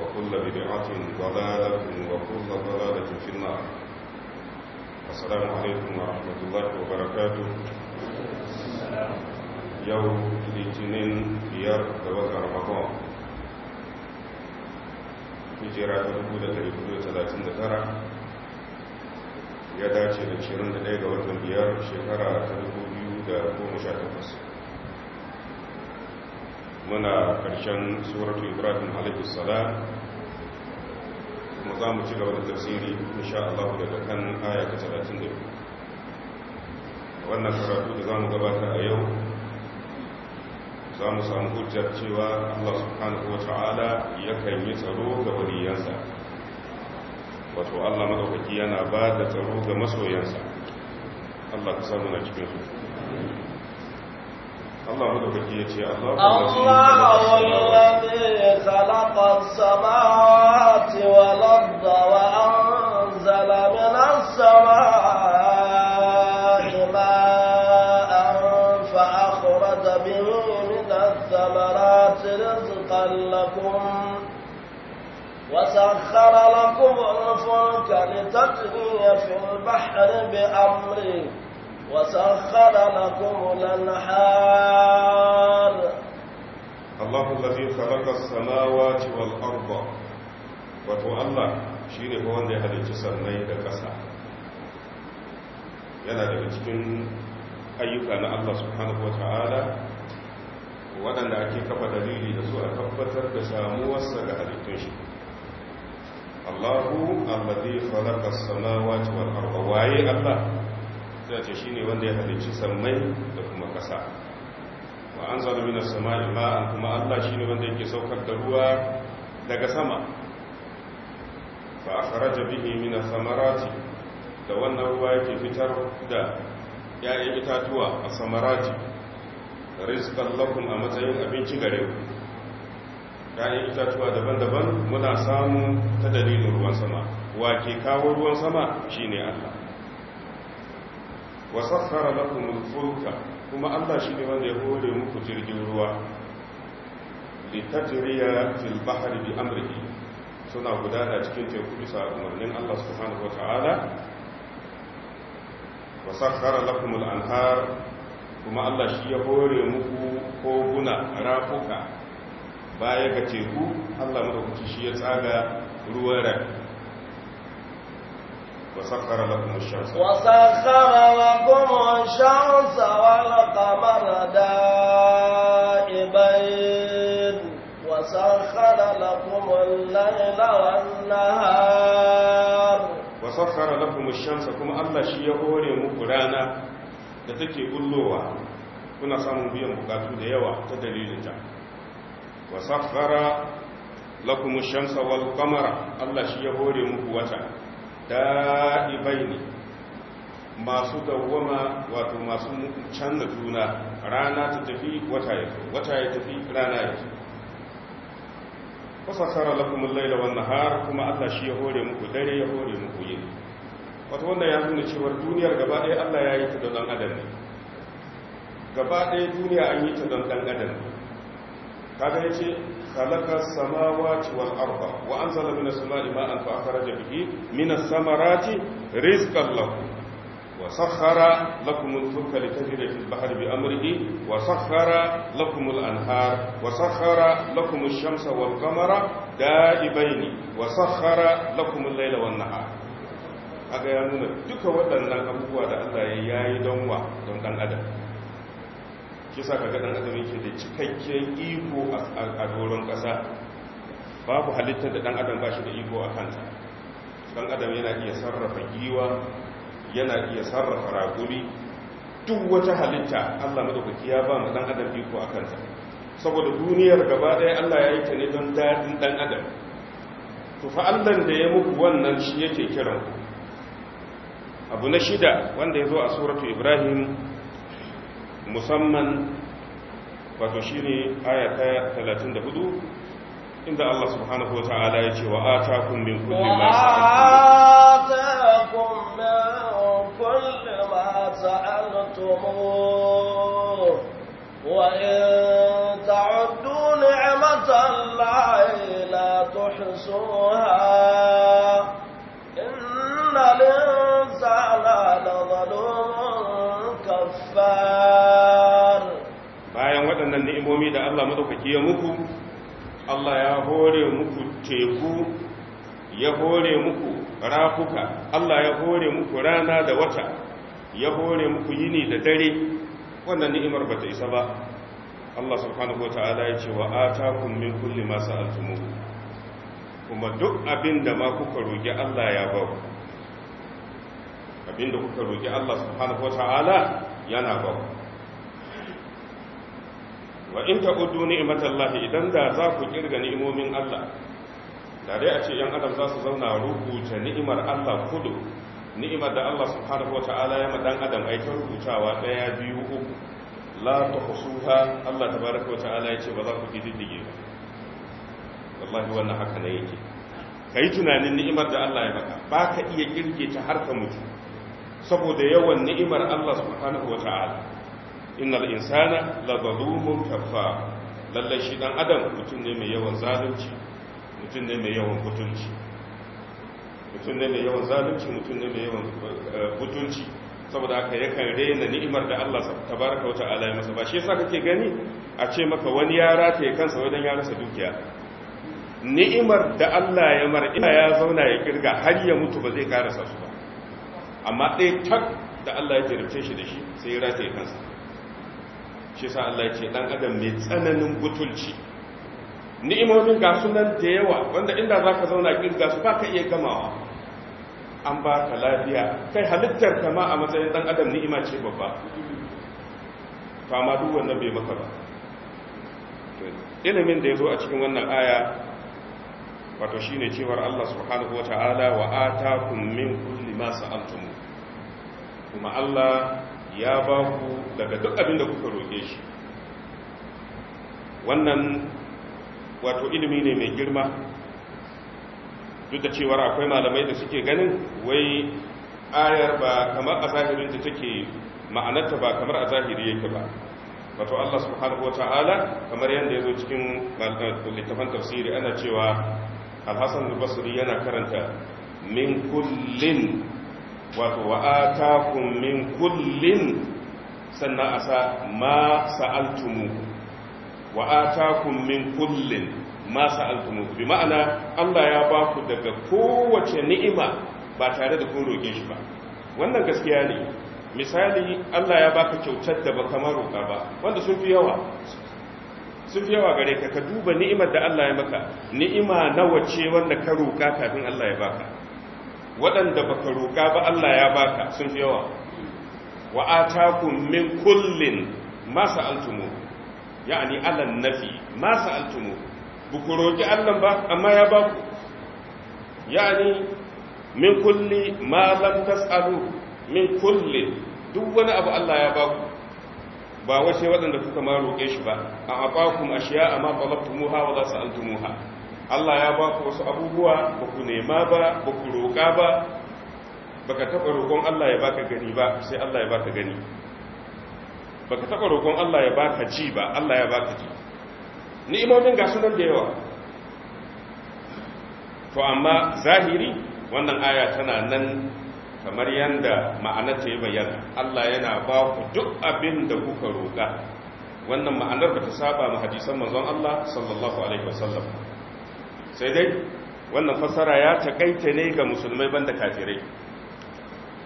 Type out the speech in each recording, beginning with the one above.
وكل بدعة ضلالة وكل ضلالة في النار السلام عليكم ورحمة الله وبركاته يوم الاثنين ديار دوك رمضان في جراء الأولى تريدون ثلاثين دكارا يدعى تشيرون لديه دوك ديار شكرا تريدون ديار دوك رمضان muna karshen suratu ibrahim alaihissalam kuma za mu ci gaba da tafsiri insha Allah daga kan aya ta biyu wannan karatu da za mu gabata a yau za mu samu hujjar cewa Allah subhanahu wa ta'ala yakan yi tsaro ga waliyansa wato Allah madaukaki yana ba da tsaro ga masoyansa Allah ka samu na cikin su الله هو الذي الله الذي خلق السماوات والأرض وأنزل من السماء ماء فأخرج به من الثمرات رزقا لكم وسخر لكم الفلك لتجري في البحر بأمره وسخر لكم الانهار الله الذي خلق السماوات والارض wato Allah shi ne wanda ya halicci sannai da ƙasa yana daga cikin ayyuka na Allah subhanahu wa ta'ala waɗanda ake kafa dalili da su a tabbatar da samuwarsa ga halittun shi Allahu alladhi khalaqa as-samawati wal waye Allah suna ce shi ne wanda ya halicci sammai da kuma ƙasa wa an zaru minas kuma Allah shi ne wanda yake saukar da ruwa daga sama fa akhraja bihi mina samarati da wannan ruwa yake fitar da ya'yan itatuwa a samarati rizqan lakum a matsayin abinci gare ku ya'yan itatuwa daban-daban muna samu ta dalilin ruwan sama wa ke kawo ruwan sama shi ne Allah Wasassara sakhara lakum al-fulka kuma Allah shi ne wanda ya hore muku jirgin ruwa litajriya fil bahri bi amrihi suna gudana cikin teku bisa umarnin Allah subhanahu wa ta'ala wa lakum al-anhar kuma Allah shi ya hore muku koguna rafuka baya ga teku Allah madaukaki shi ya tsaga ruwan rai. وسخر لكم الشمس وسخر لكم الشمس والقمر دائبين وسخر لكم الليل والنهار وسخر لكم الشمس كما الله شي يهوري muku rana da take gullowa kuna samun biyan bukatu da yawa ta dalilin ta wasakhara lakum shamsa wal qamara Allah shi ya hore muku wata da'ibaini masu dawwama wato masu canza juna rana ta tafi wata ya tafi wata ya tafi rana ya tafi fasakara lakumin laila wannan har kuma allah shi ya hore muku dare ya hore muku yi wata wanda ya nuna cewar duniyar gaba ɗaya allah ya yi ta don adam ne gaba ɗaya duniya an yi ta don ɗan adam kaga ya ce khalaqa samawati wal arda wa anzala minas sama'i ma'an fa akhraja bihi minas samarati rizqan lakum wa sakhara lakum al-fulka litajri fil bahri bi amrihi wa sakhara lakum al-anhar wa sakhara lakum ash-shamsa wal qamara wa sakhara ya nuna duka waɗannan abubuwa da Allah ya yi don don adam shi sa ka gadan adam yake da cikakken iko a doron ƙasa babu halittar da ɗan adam ba shi da iko a kansa ɗan adam yana iya sarrafa giwa yana iya sarrafa raguri duk wata halitta allah madaukaki ya ba mu ɗan adam iko a kansa saboda duniyar gaba ɗaya allah ya yi ta ne don daɗin ɗan adam To allah da ya muku wannan shi yake kiran abu na shida wanda ya zo a suratu ibrahim musamman wato shine aya ta 34 inda Allah subhanahu wa ta'ala ya ce wa atakum min kulli ma sa'altum min kulli ma sa'altum wa in ta'uddu ni'matallahi la tuhsuha innal insana la kafar ni'imomi da Allah madaukaki ya muku Allah ya hore muku teku ya hore muku rafuka Allah ya hore muku rana da wata ya hore muku yini da dare wannan ni'imar ba ta isa ba Allah subhanahu wa ta'ala ya ce wa atakum min kulli ma sa'altum kuma duk abinda ma kuka roki Allah ya ba ku abinda kuka roki Allah subhanahu wa ta'ala yana ba ku wa in ta'uddu lahi idan da za ku kirga ni'imomin Allah da dai a ce yan adam za su zauna rubuta ni'imar Allah kudu ni'imar da Allah subhanahu ta'ala ya madan adam a ta rubutawa daya biyu uku la husuha Allah tabaaraka ta'ala ya ce ba za ku kididdige ba wallahi wannan haka ne yake kai tunanin ni'imar da Allah ya baka ba ka iya kirge ta har ka mutu saboda yawan ni'imar Allah subhanahu ta'ala innal insana la zalumun kafa lallai shi dan adam mutum ne mai yawan zalunci mutum ne mai yawan butunci mutum ne mai yawan zalunci mutum ne mai yawan eh, butunci saboda haka yakan rena ni'imar da Allah tabaraka wata'ala ya masa ba shi yasa kake gani a ce maka wani ya rataye kansa wajen ya rasa dukiya ni'imar da Allah ya mar ina ya zauna ya kirga har ya mutu ba zai karasa su ba amma ɗaya tak da Allah ya jirce shi da shi sai ya ya kansa shi sa Allah ce dan adam mai tsananin butulci ni'imomin ga sunan da yawa wanda inda zaka zauna ga su baka iya gamawa an baka lafiya kai halittar kama a matsayin dan adam ni'ima ce babba ma duk wannan bai maka ba ilimin da ya zo a cikin wannan aya wato shine ne cewar Allah subhanahu wa ta'ala wa ata min kulli masu sa'altum kuma Allah ya ba ku daga duk abin da kuka roƙe shi wannan wato ilimi ne mai girma duk da cewar akwai malamai da suke ganin wai ayar ba kamar a zahirin da take ma'anarta ba kamar a zahiri yake ba wato Allah subhanahu ta'ala kamar yadda ya zo cikin eh, littafin tafsiri ana cewa alhassan basri yana karanta min kullin wato wa min kullin sannan a sa ma sa'altumu wa min kullin ma sa'altumu bi ma'ana Allah ya ba ku daga kowace ni'ima ba tare da kun roƙe shi ba wannan gaskiya ne misali Allah ya baka kyautar da ba ma roƙa ba wanda sun fi yawa sun fi yawa gare ka ka duba ni'imar da Allah ya maka ni'ima nawa ce wanda ka roƙa kafin Allah ya baka waɗanda ba ka roƙa ba Allah ya baka sun fi yawa wa atakum min kullin ma sa'altumu ya'ni alan nafi ma sa'altumu buku roƙi Allah ba amma ya baku ya'ani min kulli ma lam tas'alu min kulli duk wani abu Allah ya baku ba wace waɗanda kuka ma roƙe shi ba a abakum ashiya amma talabtumuha wa la sa'altumuha Allah ya ba ku wasu abubuwa ba ku nema ba ba ku roƙa ba ba ka taɓa roƙon Allah ya baka gani ba sai Allah ya baka gani Ba ka taɓa roƙon Allah ya baka ji ba Allah ya baka ji ni'imomin ga sunan da yawa to amma zahiri wannan aya tana nan kamar yanda ma'anarta ya bayyana Allah yana ba ku duk abin da kuka roƙa wannan ma'anar ba ta saba ma hadisan manzon Allah sallallahu alaihi wasallam sai dai wannan fasara ya takaita ne ga musulmai banda kafirai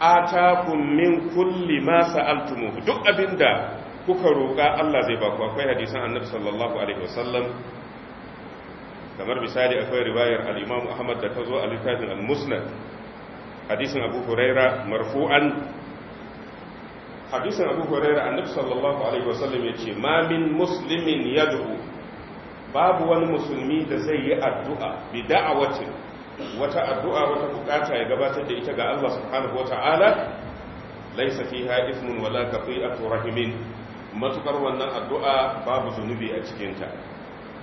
atakum min kulli ma sa'altumuhu duk abinda kuka roƙa Allah zai baku akwai hadisan annabi sallallahu alaihi wasallam kamar misali akwai riwayar al-Imam Ahmad da ta zo a littafin al-Musnad hadisin Abu Huraira marfu'an hadisin Abu Huraira annabi sallallahu alaihi wasallam yace ma min muslimin yad'u babu wani musulmi da zai yi addu'a bi da'awacin wata addu'a wata bukata ya gabatar da ita ga Allah subhanahu wa ta'ala laisa fiha ismun wala qati'atu rahimin matukar wannan addu'a babu zunubi a cikinta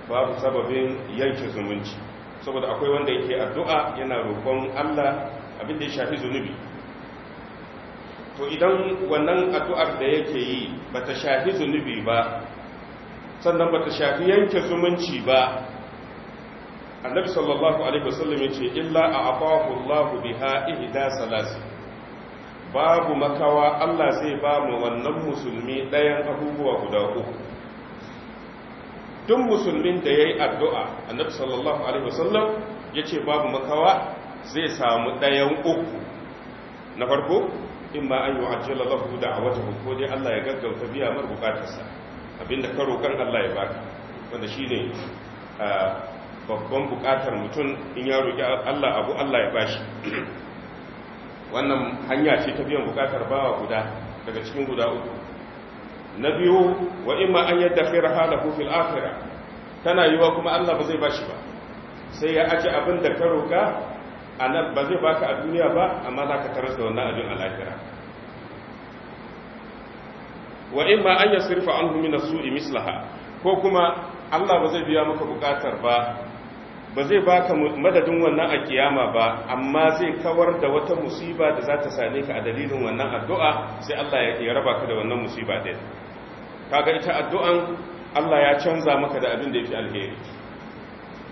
babu sababin yanke zumunci saboda akwai wanda yake addu'a yana roƙon Allah abin da ya shafi zunubi to idan wannan addu'ar da yake yi bata shafi zunubi ba sannan ba ta shafi yanke zumunci ba annabi sallallahu alaihi wasallam yace illa a Allahu biha ihda salas babu makawa Allah zai ba mu wannan musulmi ɗayan abubuwa guda uku duk musulmin da yayi addu'a annabi sallallahu alaihi wasallam yace babu makawa zai samu ɗayan uku na farko in ma an yi wa'ajjala a da'awatahu ko dai Allah ya gaggauta biya mar bukatarsa abinda ka roƙan Allah ya baka wanda shine babban buƙatar mutum in ya roƙi Allah abu Allah ya bashi wannan hanya ce ta biyan buƙatar bawa guda daga cikin guda uku na biyu wa imma an yadda khairu halahu fil akhirah tana yiwa kuma Allah ba zai bashi ba sai ya aje abin da ka roƙa ba zai baka a duniya ba amma za ka wannan abin a lahira wa in ma an yasrifa anhu min as-su'i mislaha ko kuma Allah ba zai biya maka bukatar ba ba zai baka madadin wannan a kiyama ba amma zai kawar da wata musiba da za ta same ka a dalilin wannan addu'a sai Allah ya raba ka da wannan musiba din kaga ita addu'an Allah ya canza maka da abin da yake alheri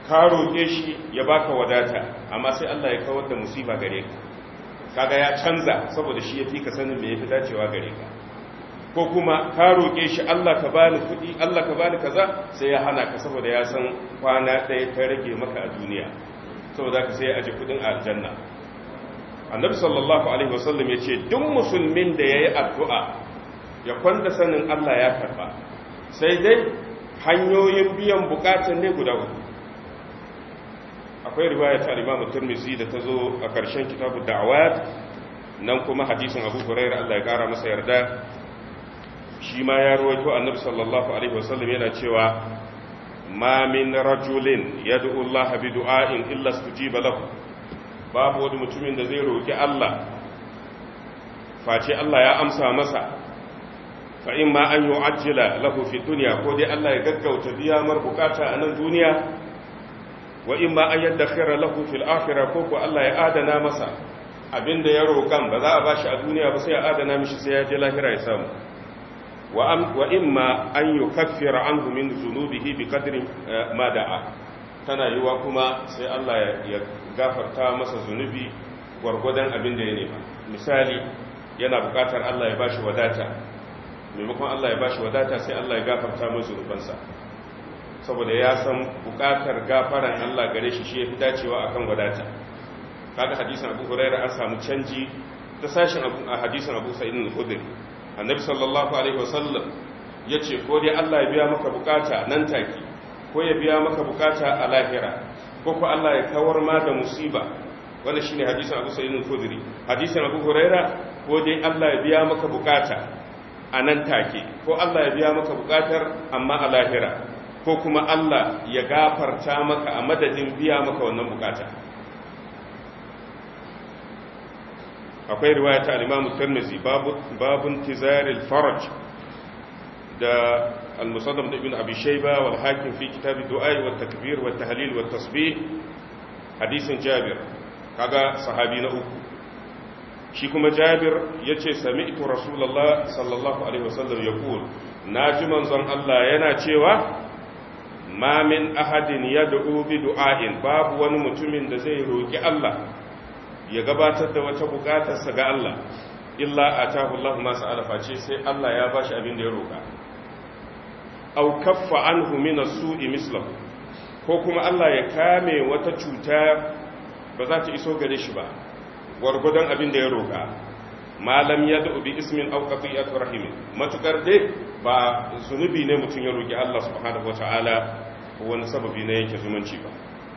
ka roƙe shi ya baka wadata amma sai Allah ya kawar da musiba gare ka kaga ya canza saboda shi yafi ka sanin me yafi dacewa gare ka ko kuma ka roƙe shi Allah ka bani kuɗi Allah ka bani kaza sai ya hana ka saboda ya san kwana ɗaya ta rage maka a duniya saboda ka sai ya aje kuɗin a aljanna annabi sallallahu alaihi wasallam ya ce duk musulmin da ya yi addu'a ya kwanta sanin Allah ya karba sai dai hanyoyin biyan bukatan ne guda uku akwai riwaya ta Imam Tirmidhi da tazo a ƙarshen kitabu da'awat nan kuma hadisin Abu Hurairah Allah ya kara masa yarda shi ma ya ruwaito annabi sallallahu alaihi wasallam yana cewa ma min rajulin yad'u Allah bi du'ain illa stujiba lahu babu wani mutumin da zai roki Allah face Allah ya amsa masa fa in ma an yu'ajjila lahu fi dunya ko dai Allah ya gaggauta biya mar bukata a nan duniya wa in ma an yaddakhira lahu fil akhirah ko ko Allah ya adana masa abinda ya roƙan ba za a bashi a duniya ba sai ya adana mishi sai ya je lahira ya samu wa imma an yi kafira an gumin zunubi hibi kadirin eh, mada'a tana yiwa kuma sai Allah ya gafarta masa zunubi gwargwadon abin da ya nema misali yana bukatar Allah ya bashi wadata maimakon Allah ya bashi wadata sai Allah ya gafarta masa zunubansa saboda ya san bukatar gafaran Allah gare shi shi ya fi dacewa akan wadata kaga hadisan Abu Hurairah an samu canji ta sashin hadisan Abu Sa'id al annabi sallallahu alaihi wasallam ya ce ko dai Allah ya biya maka bukata nan take ko ya biya maka bukata a lahira ko ko Allah ya kawar ma da musiba wannan shine hadisin Abu Sa'id al-Khudri hadisin Abu Huraira ko dai Allah ya biya maka bukata a nan take ko Allah ya biya maka bukatar amma a lahira ko kuma Allah ya gafarta maka a madadin biya maka wannan bukata akwai riwaya ta al-Imam babu babun faraj da al-Musaddam ibn Abi Shayba Hakim fi kitab ad wa takbir wa tahlil wa tasbih hadisin Jabir kaga sahabi na uku shi kuma Jabir yace sami'tu Rasulullah sallallahu alaihi wasallam yaqul naji manzon Allah yana cewa ma min ahadin yad'u bi du'ain babu wani mutumin da zai roki Allah ya gabatar da wata bukatarsa ga Allah illa a Allah masu alaface sai Allah ya shi abin da ya roƙa au kaffa an humina su sui ko kuma Allah ya kame wata cuta ba za ta iso gare shi ba gwargwadon abin da ya roƙa malam ya da ubi ismin aw qatiyat rahim matukar dai ba zunubi ne mutum ya roƙi Allah subhanahu wataala wani sababi ne yake zumunci ba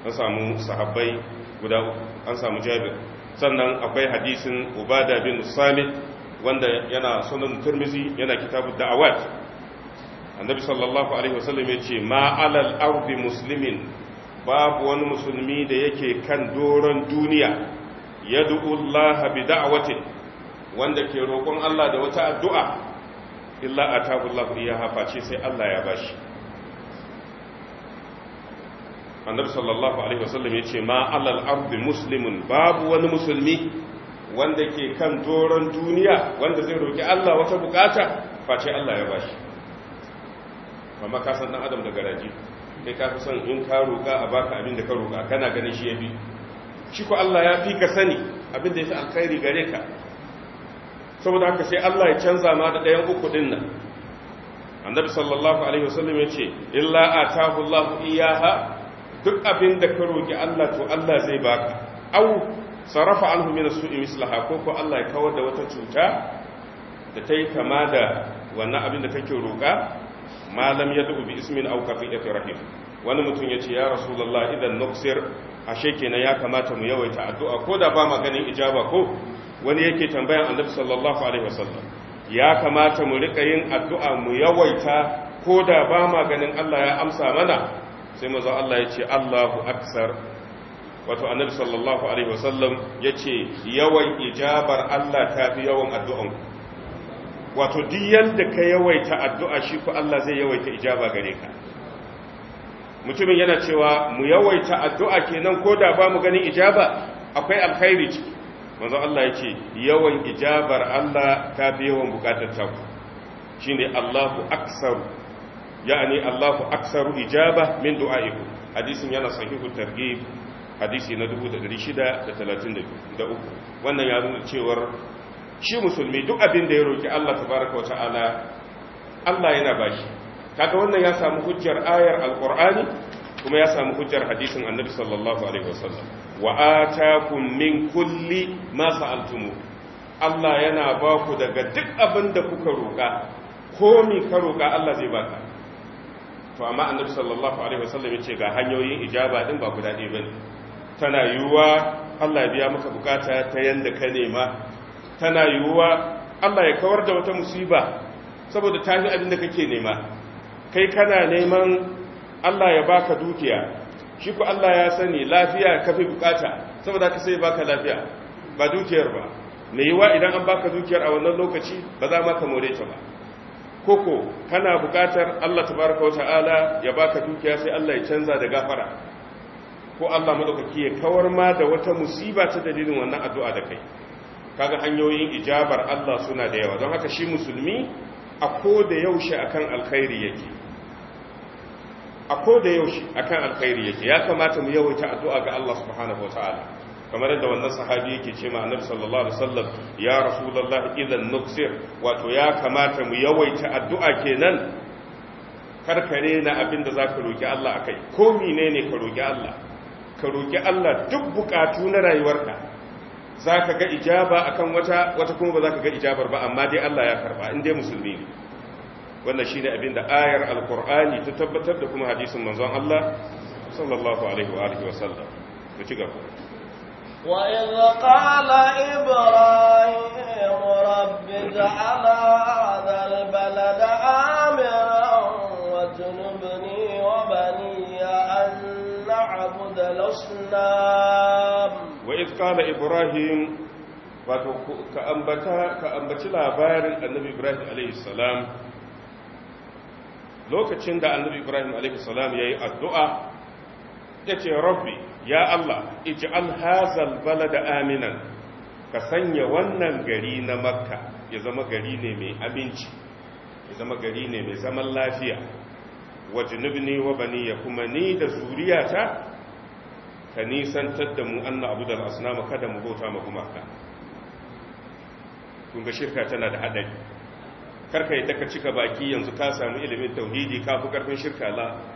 an samu sahabbai guda uku an samu Jabir sannan akwai hadisin ubada bin samit wanda yana sunan turmizi yana kitabu da'awat annabi sallallahu alaihi wasallam ya ce ma alal ardi muslimin babu wani musulmi da yake kan doron duniya ya Allah bi da'watin wanda ke roƙon Allah da wata addu'a illa atahu Allah iyaha face sai Allah ya bashi annabi sallallahu alaihi wasallam ya ce ma alal ardi muslimun babu wani musulmi wanda ke kan doron duniya wanda zai roki Allah wata bukata face Allah ya bashi amma ka san dan adam da garaji kai ka fi son in ka roka a baka abin da ka roka kana ganin shi yafi shi ko Allah ya fi ka sani abin da yafi alkhairi gare ka saboda haka sai Allah ya canza ma da ɗayan uku din nan annabi sallallahu alaihi wasallam ya ce illa atahu Allahu iyaha duk abin da ka roƙi Allah to Allah zai baka au sarrafa anhu min su'i mislaha ko ko Allah ya kawar da wata cuta da ta yi kama da wannan abin da kake roƙa malam ya dubi ismin au qati'ati rahim wani mutum ya ce ya rasulullah idan nuksir ashe kenan ya kamata mu yawaita addu'a ko da ba maganin ijaba ko wani yake tambayan annabi sallallahu alaihi wasallam ya kamata mu rika yin addu'a mu yawaita ko da ba maganin Allah ya amsa mana sai manzon Allah ya ce Allahu aksar wato annabi sallallahu alaihi wasallam ya ce yawan ijabar Allah ta fi yawan addu'an wato duk yadda ka yawaita addu'a shi ku Allah zai yawaita ijaba gare ka mutumin yana cewa mu yawaita addu'a kenan ko da ba mu ganin ijaba akwai alkhairi ciki manzo Allah ya ce yawan ijabar Allah ta fi yawan bukatar taku ne Allahu Aksar. ya'ani Allahu aksaru ijaba min du'a'ikum hadisin yana sahihu targhib hadisi na 1632 wannan ya nuna cewar shi musulmi duk abin da ya roki Allah tabaaraka wa ta'ala kaga wannan ya samu hujjar ayar alqur'ani kuma ya samu hujjar hadisin annabi sallallahu alaihi wasallam wa atakum min kulli ma sa'altumu Allah yana ba ku daga duk abin da kuka roka ko mi ka roka Allah zai baka to amma annabi sallallahu alaihi wasallam yace ga hanyoyin ijaba din ba guda ɗaya bane tana yiwuwa Allah ya biya maka bukata ta yanda ka nema tana yiwuwa Allah ya kawar da wata musiba saboda ta yi abin da kake nema kai kana neman Allah ya baka dukiya shi ku Allah ya sani lafiya ka fi bukata saboda ka sai baka lafiya ba dukiyar ba mai yiwa idan an baka dukiyar a wannan lokaci ba za ma ka more ta ba koko kana bukatar Allah tabaraka wa ta'ala ya baka dukiya sai Allah ya canza da gafara ko Allah madaukaki ya kawar ma da wata musiba ta dalilin wannan addu'a da kai kaga hanyoyin ijabar Allah suna da yawa don haka shi musulmi a ko da yaushe akan alkhairi yake a yaushe akan alkhairi yake ya kamata mu yawaita addu'a ga Allah subhanahu wa ta'ala kamar yadda wannan sahabi yake ce ma annabi sallallahu alaihi wasallam ya rasulullah idan nuksir wato ya kamata mu yawaita addu'a kenan karkare na abin da zaka roki Allah akai ko ne ka roki Allah ka roki Allah duk bukatu na rayuwarka zaka ga ijaba akan wata wata kuma ba zaka ga ijabar ba amma dai Allah ya karba in dai musulmi ne wannan shine abin da ayar alqur'ani ta tabbatar da kuma hadisin manzon Allah sallallahu alaihi wa alihi wasallam ku ci gaba وإذ قال إبراهيم رب اجعل هذا البلد آمرا واجنبني وبني أن نعبد الأصنام وإذ قال إبراهيم wato ka ambaci labarin annabi ibrahim alaihissalam lokacin da annabi ibrahim alaihissalam ya yi addu'a yace ce rabbi ya Allah ij'al hazal da aminan ka sanya wannan gari na makka ya zama gari ne mai aminci ya zama gari ne mai zaman lafiya wajnubni wa bani ya kuma ni da zuriyata ka nisantar da mu anna abudal asnama kada mu bauta ma gumaka kun shirka tana da hadari karka yi ka cika baki yanzu ka samu ilimin tauhidi ka fi karfin shirka la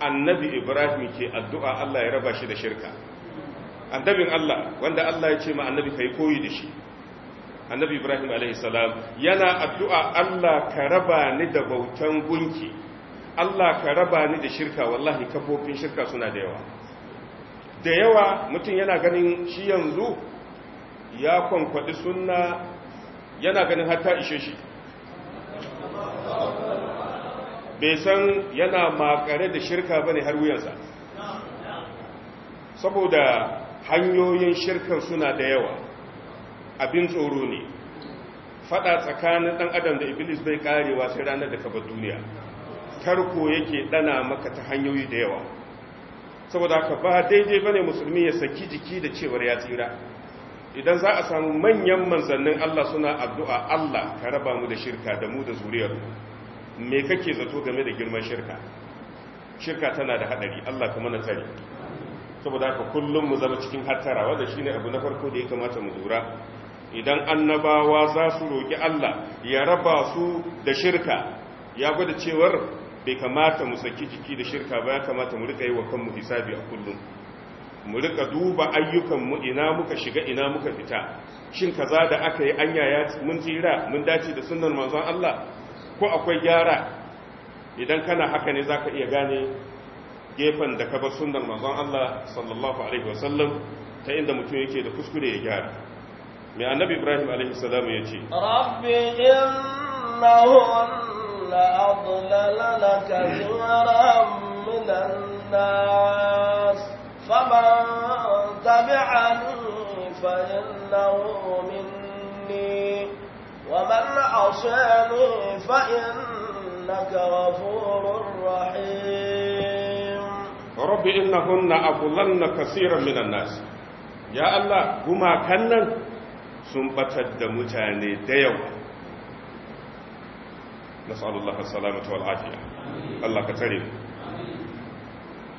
annabi ibrahim ke addu'a Allah ya raba shi da shirka annabin Allah wanda Allah ya ce ma annabi ka yi koyi da shi annabi ibrahim alaihissalam yana addu'a Allah ka raba ni da bautan gunki Allah ka raba ni da shirka wallahi kafofin shirka suna da yawa da yawa mutum yana ganin shi yanzu ya kwankwaɗi sunna yana ganin ta ishe shi bai san yana makare da shirka bane har wuyansa saboda hanyoyin shirkar suna da yawa abin tsoro ne fada tsakanin dan adam da iblis bai karewa sai ranar da kaba duniya tarko yake dana maka ta hanyoyi da yawa saboda haka ba daidai bane musulmi ya saki jiki da cewar ya tsira idan za a samu manyan manzannin Allah suna addu'a Allah ka raba mu da shirka da mu da zuriyar me kake zato game da girman shirka shirka tana da hadari Allah kuma na tsari saboda haka kullum mu zama cikin hattara wanda shine abu na farko da ya kamata mu lura idan annabawa za su roki Allah ya raba su da shirka ya gwada cewar bai kamata mu saki jiki da shirka ba ya kamata mu rika yi wa kanmu hisabi a kullum mu rika duba ayyukanmu ina muka shiga ina muka fita shin kaza da aka yi anya ya mun tsira mun dace da sunnar manzon Allah ko akwai gyara idan kana haka ne za ka iya gane gefen da ka bar sunnar manzon Allah sallallahu alaihi wasallam ta inda mutum yake da kuskure ya gyara mai annabi Ibrahim alaihi salamu ya ce rabbi innahunna adlalna kathiran minan nas faman tabi'ani fa innahu minni ومن عصاني فإنك غفور رحيم رب إنهن أضللن كثيرا من الناس يا الله هما كنن sun batar da mutane da yawa nasallallahu salamatu wal afiya Allah ka tare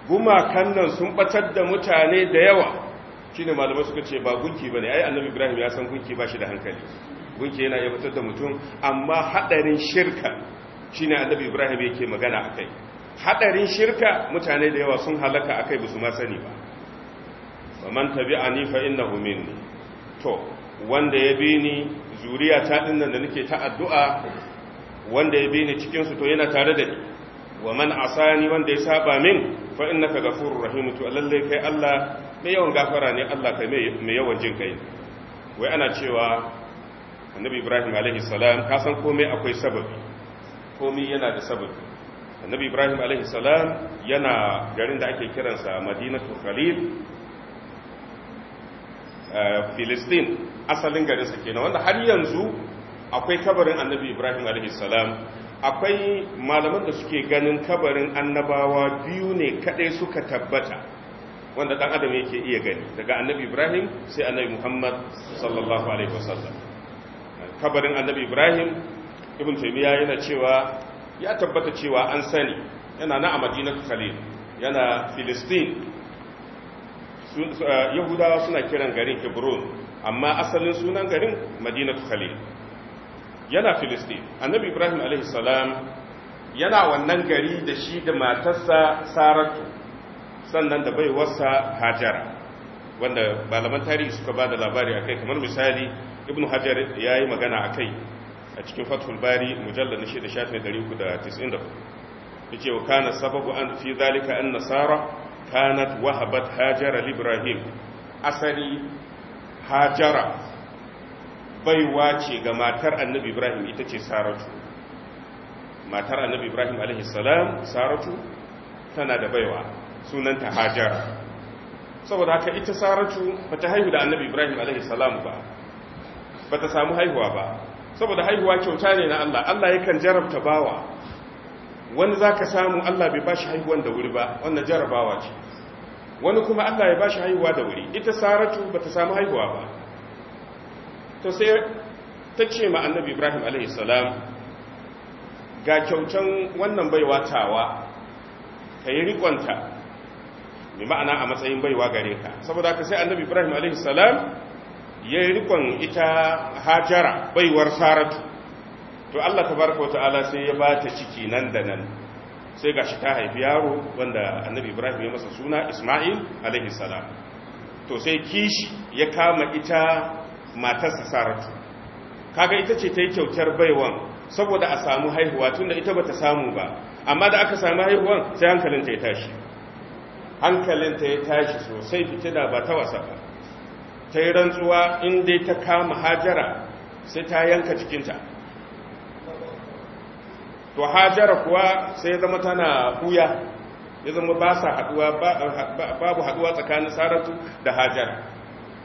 gumakan nan sun batar da mutane da yawa shine malamai suka ce ba gunki bane ai annabi Ibrahim ya san gunki ba shi da hankali hukunci yana iya fitar da mutum amma hadarin shirka shi ne annabi ibrahim yake magana a kai hadarin shirka mutane da yawa sun halaka kai ba su ma sani ba a nifa ina humin ne to wanda ya bi ni zuriya ta dinnan da nake ta addu'a wanda ya bi ni cikinsu to yana tare da ni wa man asani wanda ya saba min fa ka ghafurur rahim to lalle kai Allah mai yawan gafara ne Allah kai mai yawan jin kai wai ana cewa annabi ibrahim alaihi salam ka san komai akwai sababi komai yana da sababi annabi ibrahim alaihi salam yana garin da ake kiransa madinatul khalil eh, filistin asalin garinsa kenan wanda har yanzu akwai kabarin annabi ibrahim alaihi salam akwai malaman da suke ganin kabarin annabawa biyu ne kadai suka tabbata wanda dan adam yake iya gani daga annabi ibrahim sai annabi muhammad sallallahu alaihi wasallam kabarin annabi ibrahim ibn taymiya yana cewa ya tabbata cewa an sani yana na a madinatu khalil yana filistin eh, yahudawa suna kiran garin hebron amma asalin sunan garin madinatu khalil yana filistin annabi ibrahim a.s. yana wannan gari da shi da matarsa saratu sannan da baiwarsa hajara wanda malaman tarihi suka ba da labari akai kamar misali Ibn hajar ya yi magana a kai a cikin fathul bari mujallar na shida da shafin da ya ce wa kana sababu an fi zalika an nasara kanat wahabat hajara ibrahim asali hajara baiwa ce ga matar annabi ibrahim ita ce saratu matar annabi ibrahim alaihi salam saratu tana da baiwa sunanta hajara saboda haka ita saratu ba ta haihu da annabi ibrahim salam ba ba ta samu haihuwa ba saboda haihuwa kyauta ne na allah allah yakan jarabta bawa wani za ka samu allah bai bashi haihuwan da wuri ba wannan jarabawa ce wani kuma allah ya bashi haihuwa da wuri ita saratu ba ta samu haihuwa ba to sai ta ce ma annabi ibrahim salam ga kyautan wannan baiwa tawa ka yi rikonta Mai ma'ana a matsayin baiwa gare ka saboda haka sai annabi ibrahim alaihi salam ya yi rikon ita hajara baiwar saratu to allah Ta tabaraka ta'ala sai ya ba ta ciki nan da nan sai ga shi ta haifi yaro wanda annabi ibrahim ya masa suna isma'il alaihi salam to sai kishi ya kama ita matarsa saratu kaga ita ce ta yi kyautar baiwan saboda a samu haihuwa tunda ita bata samu ba amma da aka samu haihuwan sai hankalinta ya tashi hankalinta ya tashi sosai fitina ba ta wasa ba ta yi rantsuwa inda ta kama hajara sai ta yanka cikinta to hajara kuwa sai zama tana buya ya zama ba sa haduwa babu haduwa tsakanin saratu da hajara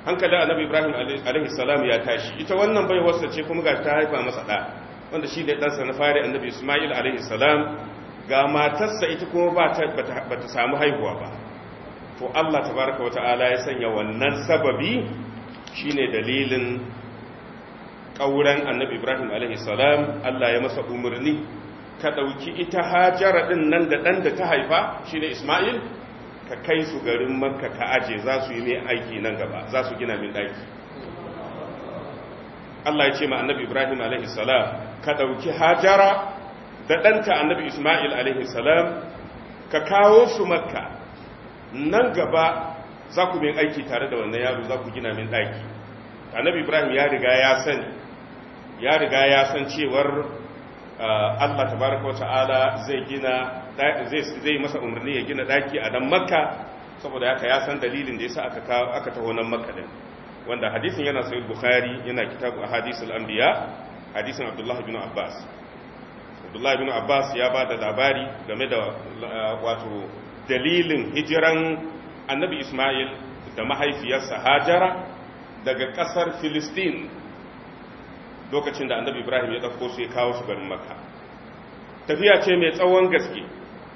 hankalin annabi ibrahim alaihi ya tashi ita wannan bai wasu ce kuma ga ta haifa masa da wanda shi da ɗansa na fari annabi ismail alaihi ga matarsa ita kuma ba ta samu haihuwa ba to Allah tabaraka wa ya sanya wannan sababi shine dalilin ƙauren annabi Ibrahim alaihi salam Allah ya masa umarni ka ɗauki ita hajara ɗin nan da ɗan da ta haifa shine Ismail ka kai su garin Makka ka aje za su yi mai aiki nan gaba za su gina min ɗaki Allah ya ce ma annabi Ibrahim alaihi salam ka ɗauki hajara da ɗanta annabi Ismail alaihi salam ka kawo su Makka nan gaba za ku min aiki tare da wannan yaro za ku gina min ɗaki annabi ibrahim ya riga ya sani ya riga ya san cewar ah, allah Ta wa ta'ala zai gina zai masa umarni ya gina ɗaki a nan makka saboda haka ya san dalilin da yasa aka aka taho nan makka din wanda hadisin yana sahih bukhari yana kitabu ahadisul anbiya hadisin abdullahi bin abbas abdullahi bin abbas ya ba da labari game da ah, wato dalilin hijiran annabi Ismail da mahaifiyarsa Hajara daga ƙasar Filistin lokacin da annabi Ibrahim ya ɗauko su ya kawo su garin Makka. Tafiya ce mai tsawon gaske,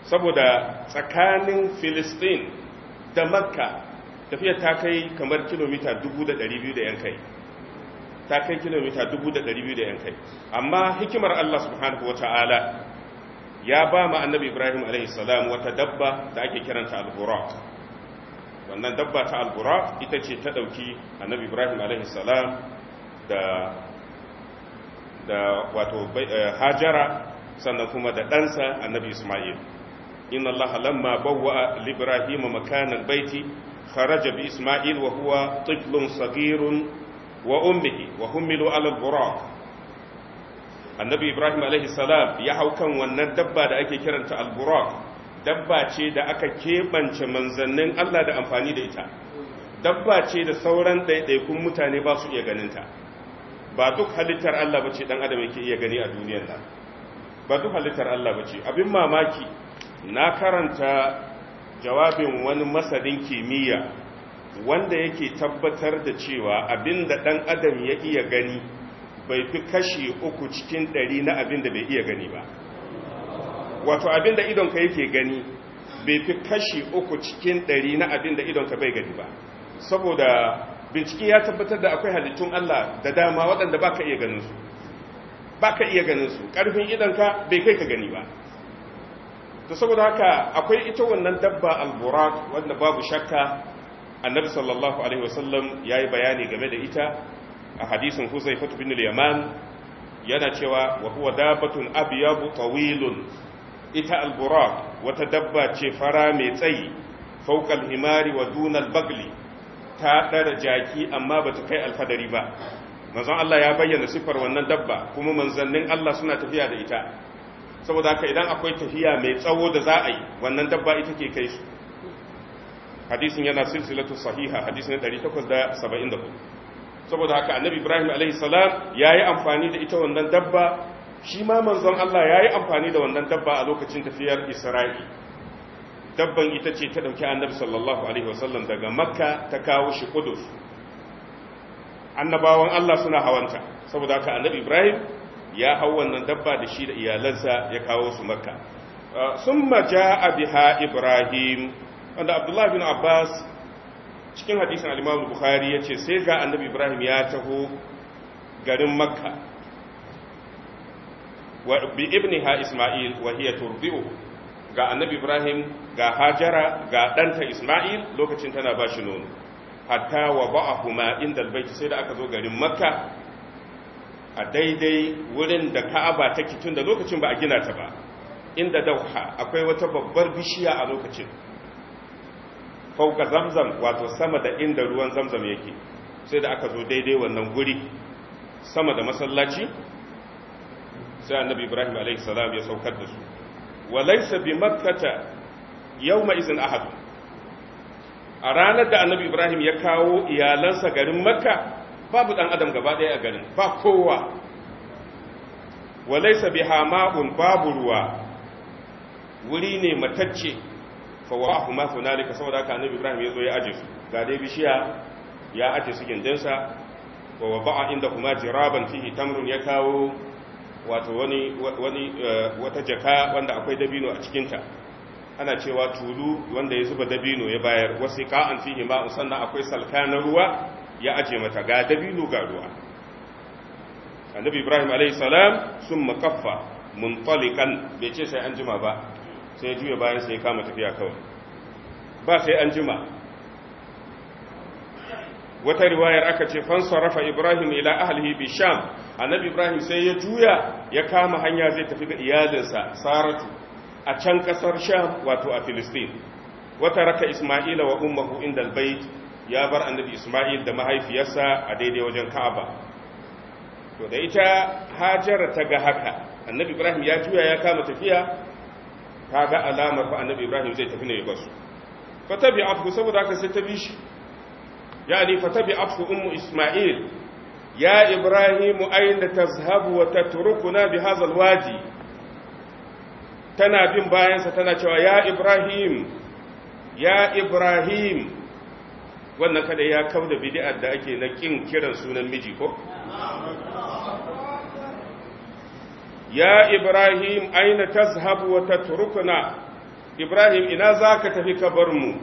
saboda tsakanin Filistin da Makka tafiya ta kai kamar kilomita 2,200 da 'yan kai. ta kai kilomita 2,200 da 'yan kai amma hikimar Allah subhanahu wa ta'ala ya ba ma annabi ibrahim alaihissalam wata dabba da ake kiranta al-burak wannan dabba ta al-burak ita ce ta ɗauki annabi ibrahim alaihissalam da da wato eh, hajara sannan kuma da ɗansa annabi ismail inna allaha lamma bawwa li ibrahima makanan baiti kharaja bi ismail wa huwa tiflun saghirun wa ummihi wa humilu ala al-burak annabi ibrahim alaihi salam ya hau kan wannan dabba da ake kiranta alburak dabba ce da aka keɓance manzannin allah da amfani da ita dabba ce da sauran ɗaiɗaikun mutane ba su iya ganinta ba duk halittar allah ba ce ɗan adam yake iya gani a duniyar nan ba duk halittar allah ba abin mamaki na karanta jawabin wani masanin kimiyya wanda yake tabbatar da cewa abin da ɗan adam ya iya gani bai fi kashi uku cikin ɗari na abin da bai iya gani ba wato abin da idonka yake gani bai fi kashi uku cikin ɗari na abin da idonka bai gani ba saboda bincike ya tabbatar da akwai halittun Allah da dama waɗanda ba ka iya ganinsu ba ka iya ganinsu ƙarfin idonka bai kai ka gani ba ta saboda haka akwai ita wannan dabba alburak wanda babu shakka annabi sallallahu alaihi wasallam ya yi bayani game da ita a hadisin huzaifatu bin al-yaman yana cewa wa huwa dabatun abyabu tawilun ita al wata dabba ce fara mai tsayi fawqa himari wa duna bagli ta dara jaki amma bata kai alfadari ba manzon Allah ya bayyana sifar wannan dabba kuma manzannin Allah suna tafiya da ita saboda haka idan akwai tafiya mai tsawo da za a yi wannan dabba ita ke kai su hadisin yana silsilatu sahiha hadisin 874 saboda haka annabi ibrahim alaihi salam ya yi amfani da ita wannan dabba shi ma manzon allah ya yi amfani da wannan dabba a lokacin tafiyar isra'i dabban ita ce ta ɗauki annabi sallallahu alaihi wasallam daga makka ta kawo shi kudus annabawan allah suna hawanta saboda haka annabi ibrahim ya hau wannan dabba da shi da iyalansa ya kawo su makka sun maja biha ibrahim wanda abdullahi bin abbas cikin hadisin al-Imam ya ce sai ga Annabi Ibrahim ya taho garin Makka wa bi Ibni ha Isma'il wa hiya turdi'u ga Annabi Ibrahim ga Hajara ga danta Isma'il lokacin tana ba shi nono hatta wa ba'ahuma inda albayt sai da aka zo garin Makka a daidai wurin da Ka'aba take tun lokacin ba a gina ta ba inda dauha akwai wata babbar bishiya a lokacin fauka zamzam wato sama da inda ruwan zamzam yake sai da aka zo daidai wannan guri sama da masallaci sai annabi ibrahim a.s. ya saukar da su walaisa bi makkata yau ma'izin ahadu a ranar da annabi ibrahim ya kawo iyalansa garin makka babu dan adam gaba daya a garin ba kowa walaisa bi hama'un babu ruwa wuri ne matacce fawahu ma hunalika saboda haka annabi ibrahim ya zo ya aje su ga dai bishiya ya aje su gindinsa wa waba'a inda kuma jiraban fihi tamrun ya kawo wato wani wani eh, wata jaka wanda akwai dabino a cikin ta ana cewa tulu wanda ya zuba dabino ya bayar wasika an fihi ma sannan akwai salka na ruwa ya aje mata ga dabino ga ruwa annabi ibrahim alayhi salam summa kaffa muntalikan bai ce sai an jima ba sai juya bayan sai ya kama tafiya kawai ba sai an jima wata riwayar aka ce rafa ibrahim ila ahlihi bi sham annabi ibrahim sai ya juya ya kama hanya zai tafi ga iyalinsa saratu a can kasar sham wato a filistin wata raka isma'ila wa ummuhu inda albayt ya bar annabi isma'il da mahaifiyarsa a daidai wajen ka'aba to da ita hajara ta ga haka annabi ibrahim ya juya ya kama tafiya kaga alamar fa annabi ibrahim zai tafi ne ya basu fa tabi afku saboda haka sai ta bi shi yani fa tabi afku ummu isma'il ya ibrahim ayna tazhabu wa tatrukuna bi hadha alwadi tana bin bayansa tana cewa ya ibrahim ya ibrahim wannan kada ya kauda bid'a da ake na kin kiran sunan miji ko ya ibrahim aina tazhabu wa tatrukuna ibrahim ina zaka tafi ka bar mu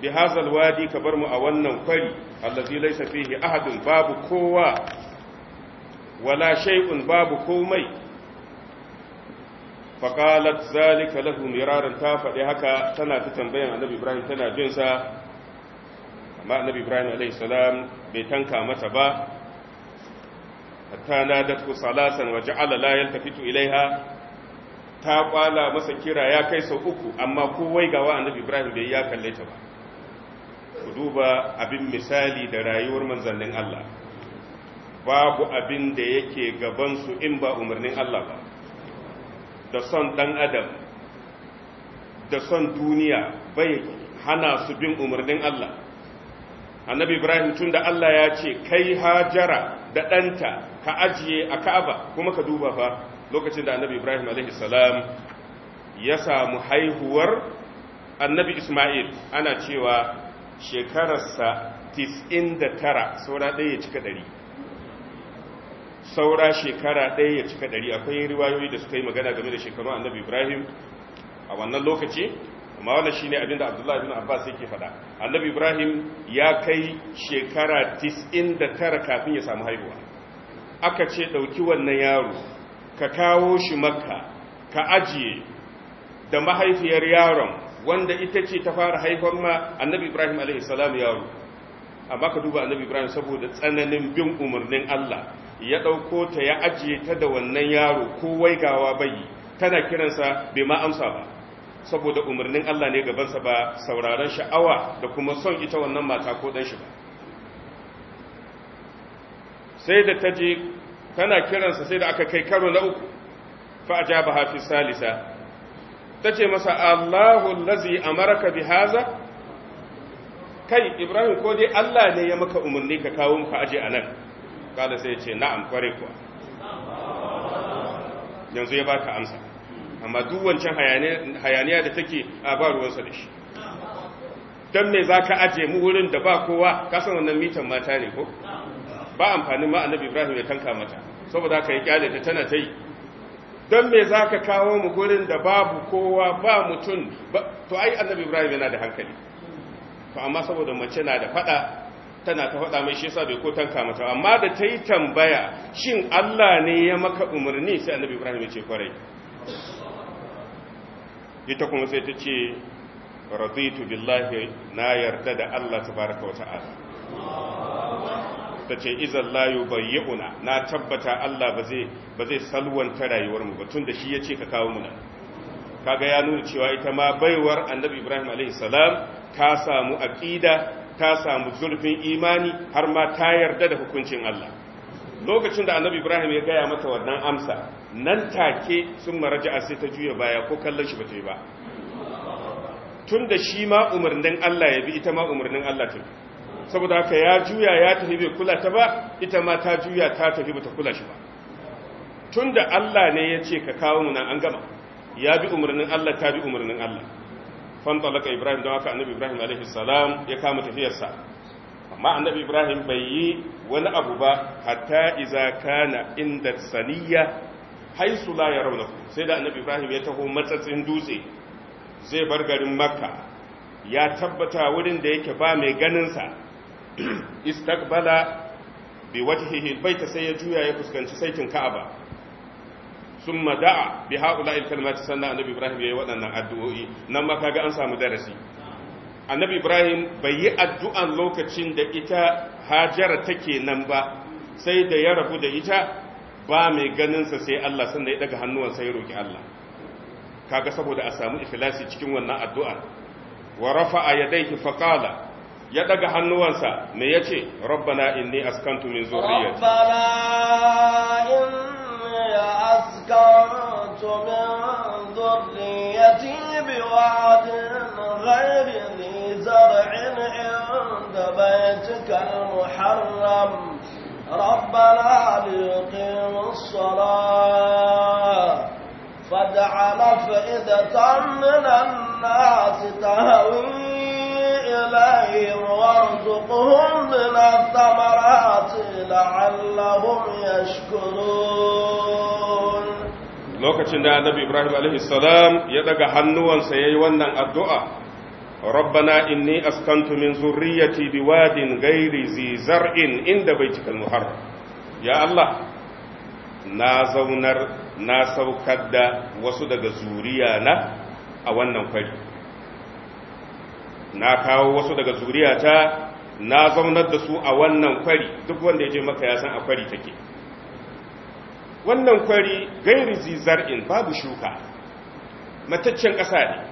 bi wadi ka bar mu a wannan kwari allazi laysa fihi ahadun babu kowa wala shay'un babu komai faqalat zalika lahu miraran ta faɗi haka tana ta tambayan annabi ibrahim tana jinsa. amma annabi ibrahim alayhi salam bai tanka mata ba hatta nadatu salasan wa ja'ala la yaltafitu ilaiha ta kwala masa kira ya kai sau uku amma kowai gawa annabi Ibrahim bai ya kalle ta ba ku duba abin misali da rayuwar manzannin Allah babu abin da yake gaban su in ba umarnin Allah ba da son dan adam da son duniya bai hana su bin umarnin Allah annabi Ibrahim tunda Allah ya ce kai hajara da ɗanta ka ajiye a ka'aba kuma ka duba fa lokacin da annabi ibrahim alaihissalam ya samu haihuwar annabi ismail ana cewa shekararsa 99 saura ɗaya ya cika ɗari saura shekara ɗaya ya cika ɗari akwai riwayoyi da suka yi magana game da shekarun annabi ibrahim a wannan lokaci amma wannan shine abin da abdullahi ibn Abbas yake faɗa Annabi Ibrahim ya kai shekara 99 kafin ya samu haihuwa aka ce dauki wannan yaro ka kawo shi Makka ka ajiye da mahaifiyar yaron wanda ita ce ta fara haifar ma Annabi Ibrahim alaihi salam yaro amma ka duba Annabi Ibrahim saboda tsananin bin umarnin Allah ya ɗauko ta ya ajiye ta da wannan yaro ko gawa bai tana kiransa bai ma amsa ba saboda umarnin Allah ne gabansa ba sauraron sha'awa da kuma son ita wannan mata ko dan shi ba sai da ta tana kiransa sai da aka kai karo na uku fa ajaba fi salisa tace masa Allahu allazi amaraka bihaza kai Ibrahim ko dai Allah ne ya maka umarni ka kawo mu aje anan kada sai ya ce na'am kware kuwa yanzu ya baka amsa amma duk wancan hayaniya da take a ba ruwansa da shi don me za ka aje mu wurin da ba kowa kasan wannan mitan mata ne ko ba amfanin ma annabi ibrahim ya tanka mata saboda ka yi kyale ta tana ta yi don me za ka kawo mu gurin da babu kowa ba mutum to ai annabi ibrahim yana da hankali to amma saboda mace na da fada tana ta faɗa mai shi yasa bai ko tanka mata amma da ta yi tambaya shin Allah ne ya maka umarni sai annabi Ibrahim ya ce kwarai ita kuma sai ta ce raditu billahi na yarda da Allah tabaraka wa ta'ala ta ce izan layu bayyana na tabbata Allah ba zai salwanta rayuwarmu ba tun da shi ya ce ka kawo muna kaga ya nuna cewa ita ma baiwar annabi ibrahim a.s. ta samu aƙida ta samu zurfin imani har ma ta yarda da hukuncin Allah lokacin da annabi ibrahim ya gaya mata wannan amsa nan take sun a sai ta juya baya ko kallon shi ba ta yi ba tun da shi ma umarnin allah ya bi ita ma umarnin allah ta saboda haka ya juya ya tafi bai kula ta ba ita ma ta juya ta tafi bata kula shi ba tun da allah ne ya ce ka kawo mu nan an gama ya bi umarnin allah ta bi umarnin allah fantalaka ibrahim don haka annabi ibrahim alaihi salam ya kama tafiyarsa amma annabi ibrahim bai yi wani abu ba hatta iza kana inda saniya haisu la yarawna sai da annabi ibrahim ya taho matsatsin dutse zai bar garin makka ya tabbata wurin da yake ba mai ganin sa istakbala bi wajhihi albayta sai ya juya ya fuskanci saitin ka'aba summa da'a bi ha'ula'il alkalimati sannan annabi ibrahim yayi waɗannan addu'o'i nan ma kaga an samu darasi annabi ibrahim bai yi addu'an lokacin da ita hajara take nan ba sai da ya rabu da ita ba mai ganinsa sai allah sanda ya daga sa ya roƙi allah kaga saboda a samu ikhlasi cikin wannan addu'a wa rafa'a yadayhi faqala ya daga hannuwansa me yace rabbana inni askantu min zurriyyati rabbana inni askantu min زرع عند بيتك المحرم ربنا ليقيم الصلاة فاجعل أفئدة من الناس تهوي إليهم وارزقهم من الثمرات لعلهم يشكرون لوكا da annabi ابراهيم عليه السلام ya حنوان hannuwansa yayi wannan ربنا إني أسكنت من ذريتي بواد غير ذي زرع عند بيتك المحرم يا الله نازونر ناسوكر دا وسدق زوريانا أولنا فجر na kawo wasu daga zuriyata na zaunar da su a wannan kwari duk wanda ya je maka ya san a kwari take wannan kwari gairi zizar'in babu shuka mataccen ƙasa ne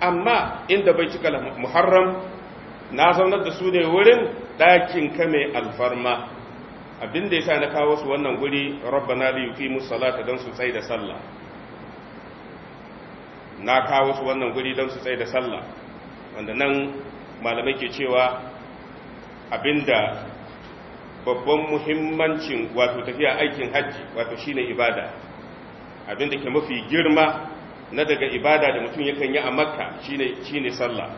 amma inda bai cika muharram na zaunar da su ne wurin ɗakin ka mai alfarma abin da sa na kawo su wannan guri rabbana li yuqimu salata dan su tsaya da sallah na kawo su wannan guri dan su tsaya da sallah wanda nan malamai ke cewa abinda babban muhimmancin wato tafiya aikin hajji wato shine ibada abinda ke mafi girma na daga ibada da mutum yakan yi a makka shi ne sallah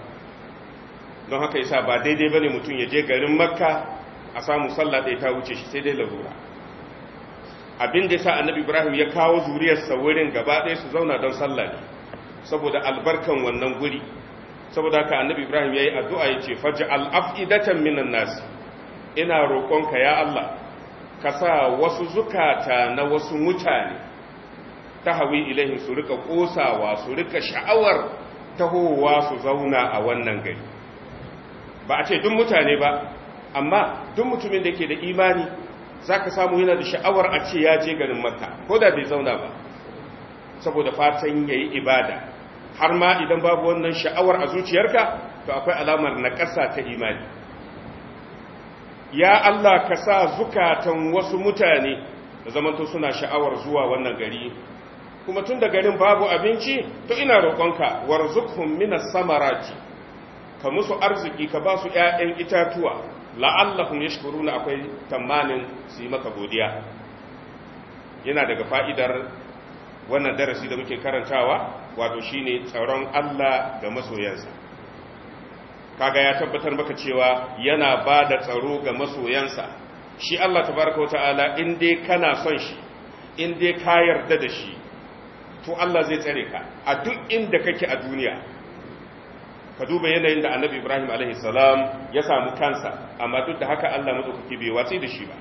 don haka yasa ba daidai ne mutum ya je garin makka a samu sallah da ta wuce shi sai dai lalura abin da sa annabi ibrahim ya kawo zuriyarsa wurin gaba ɗaya su zauna don sallah ne saboda albarkan wannan guri saboda haka annabi ibrahim ya yi addu'a ya ce faji af'idatan minan nasi ina roƙonka ya allah ka sa wasu zukata na wasu mutane Ta tahawi ilaihim su rika kosawa su rika sha'awar tahowa su zauna a wannan gari ba a ce duk mutane ba amma duk mutumin da ke da imani zaka samu yana da sha'awar a ce ya je garin maka ko da bai zauna ba saboda fatan yayi ibada har ma idan babu wannan sha'awar a zuciyarka to akwai alamar naƙasa ta imani ya Allah ka sa zukatan wasu mutane da zamanto suna sha'awar zuwa wannan gari kuma tun da garin babu abinci to ina roƙonka warzuqhum minas samarati ka musu arziki ka ba su ƴaƴan itatuwa la'allahum yashkuruna akwai tamanin su yi maka godiya yana daga fa'idar wannan darasi da muke karantawa wato shine tsaron Allah ga masoyansa kaga ya tabbatar maka cewa yana ba da tsaro ga masoyansa shi Allah tabaraka ta'ala in dai kana son shi in dai ka yarda da shi to Allah zai tsare ka a duk inda kake a duniya ka duba yanayin da annabi ibrahim alaihissalam ya samu kansa amma duk da haka Allah matsaukaki bai watsi da shi ba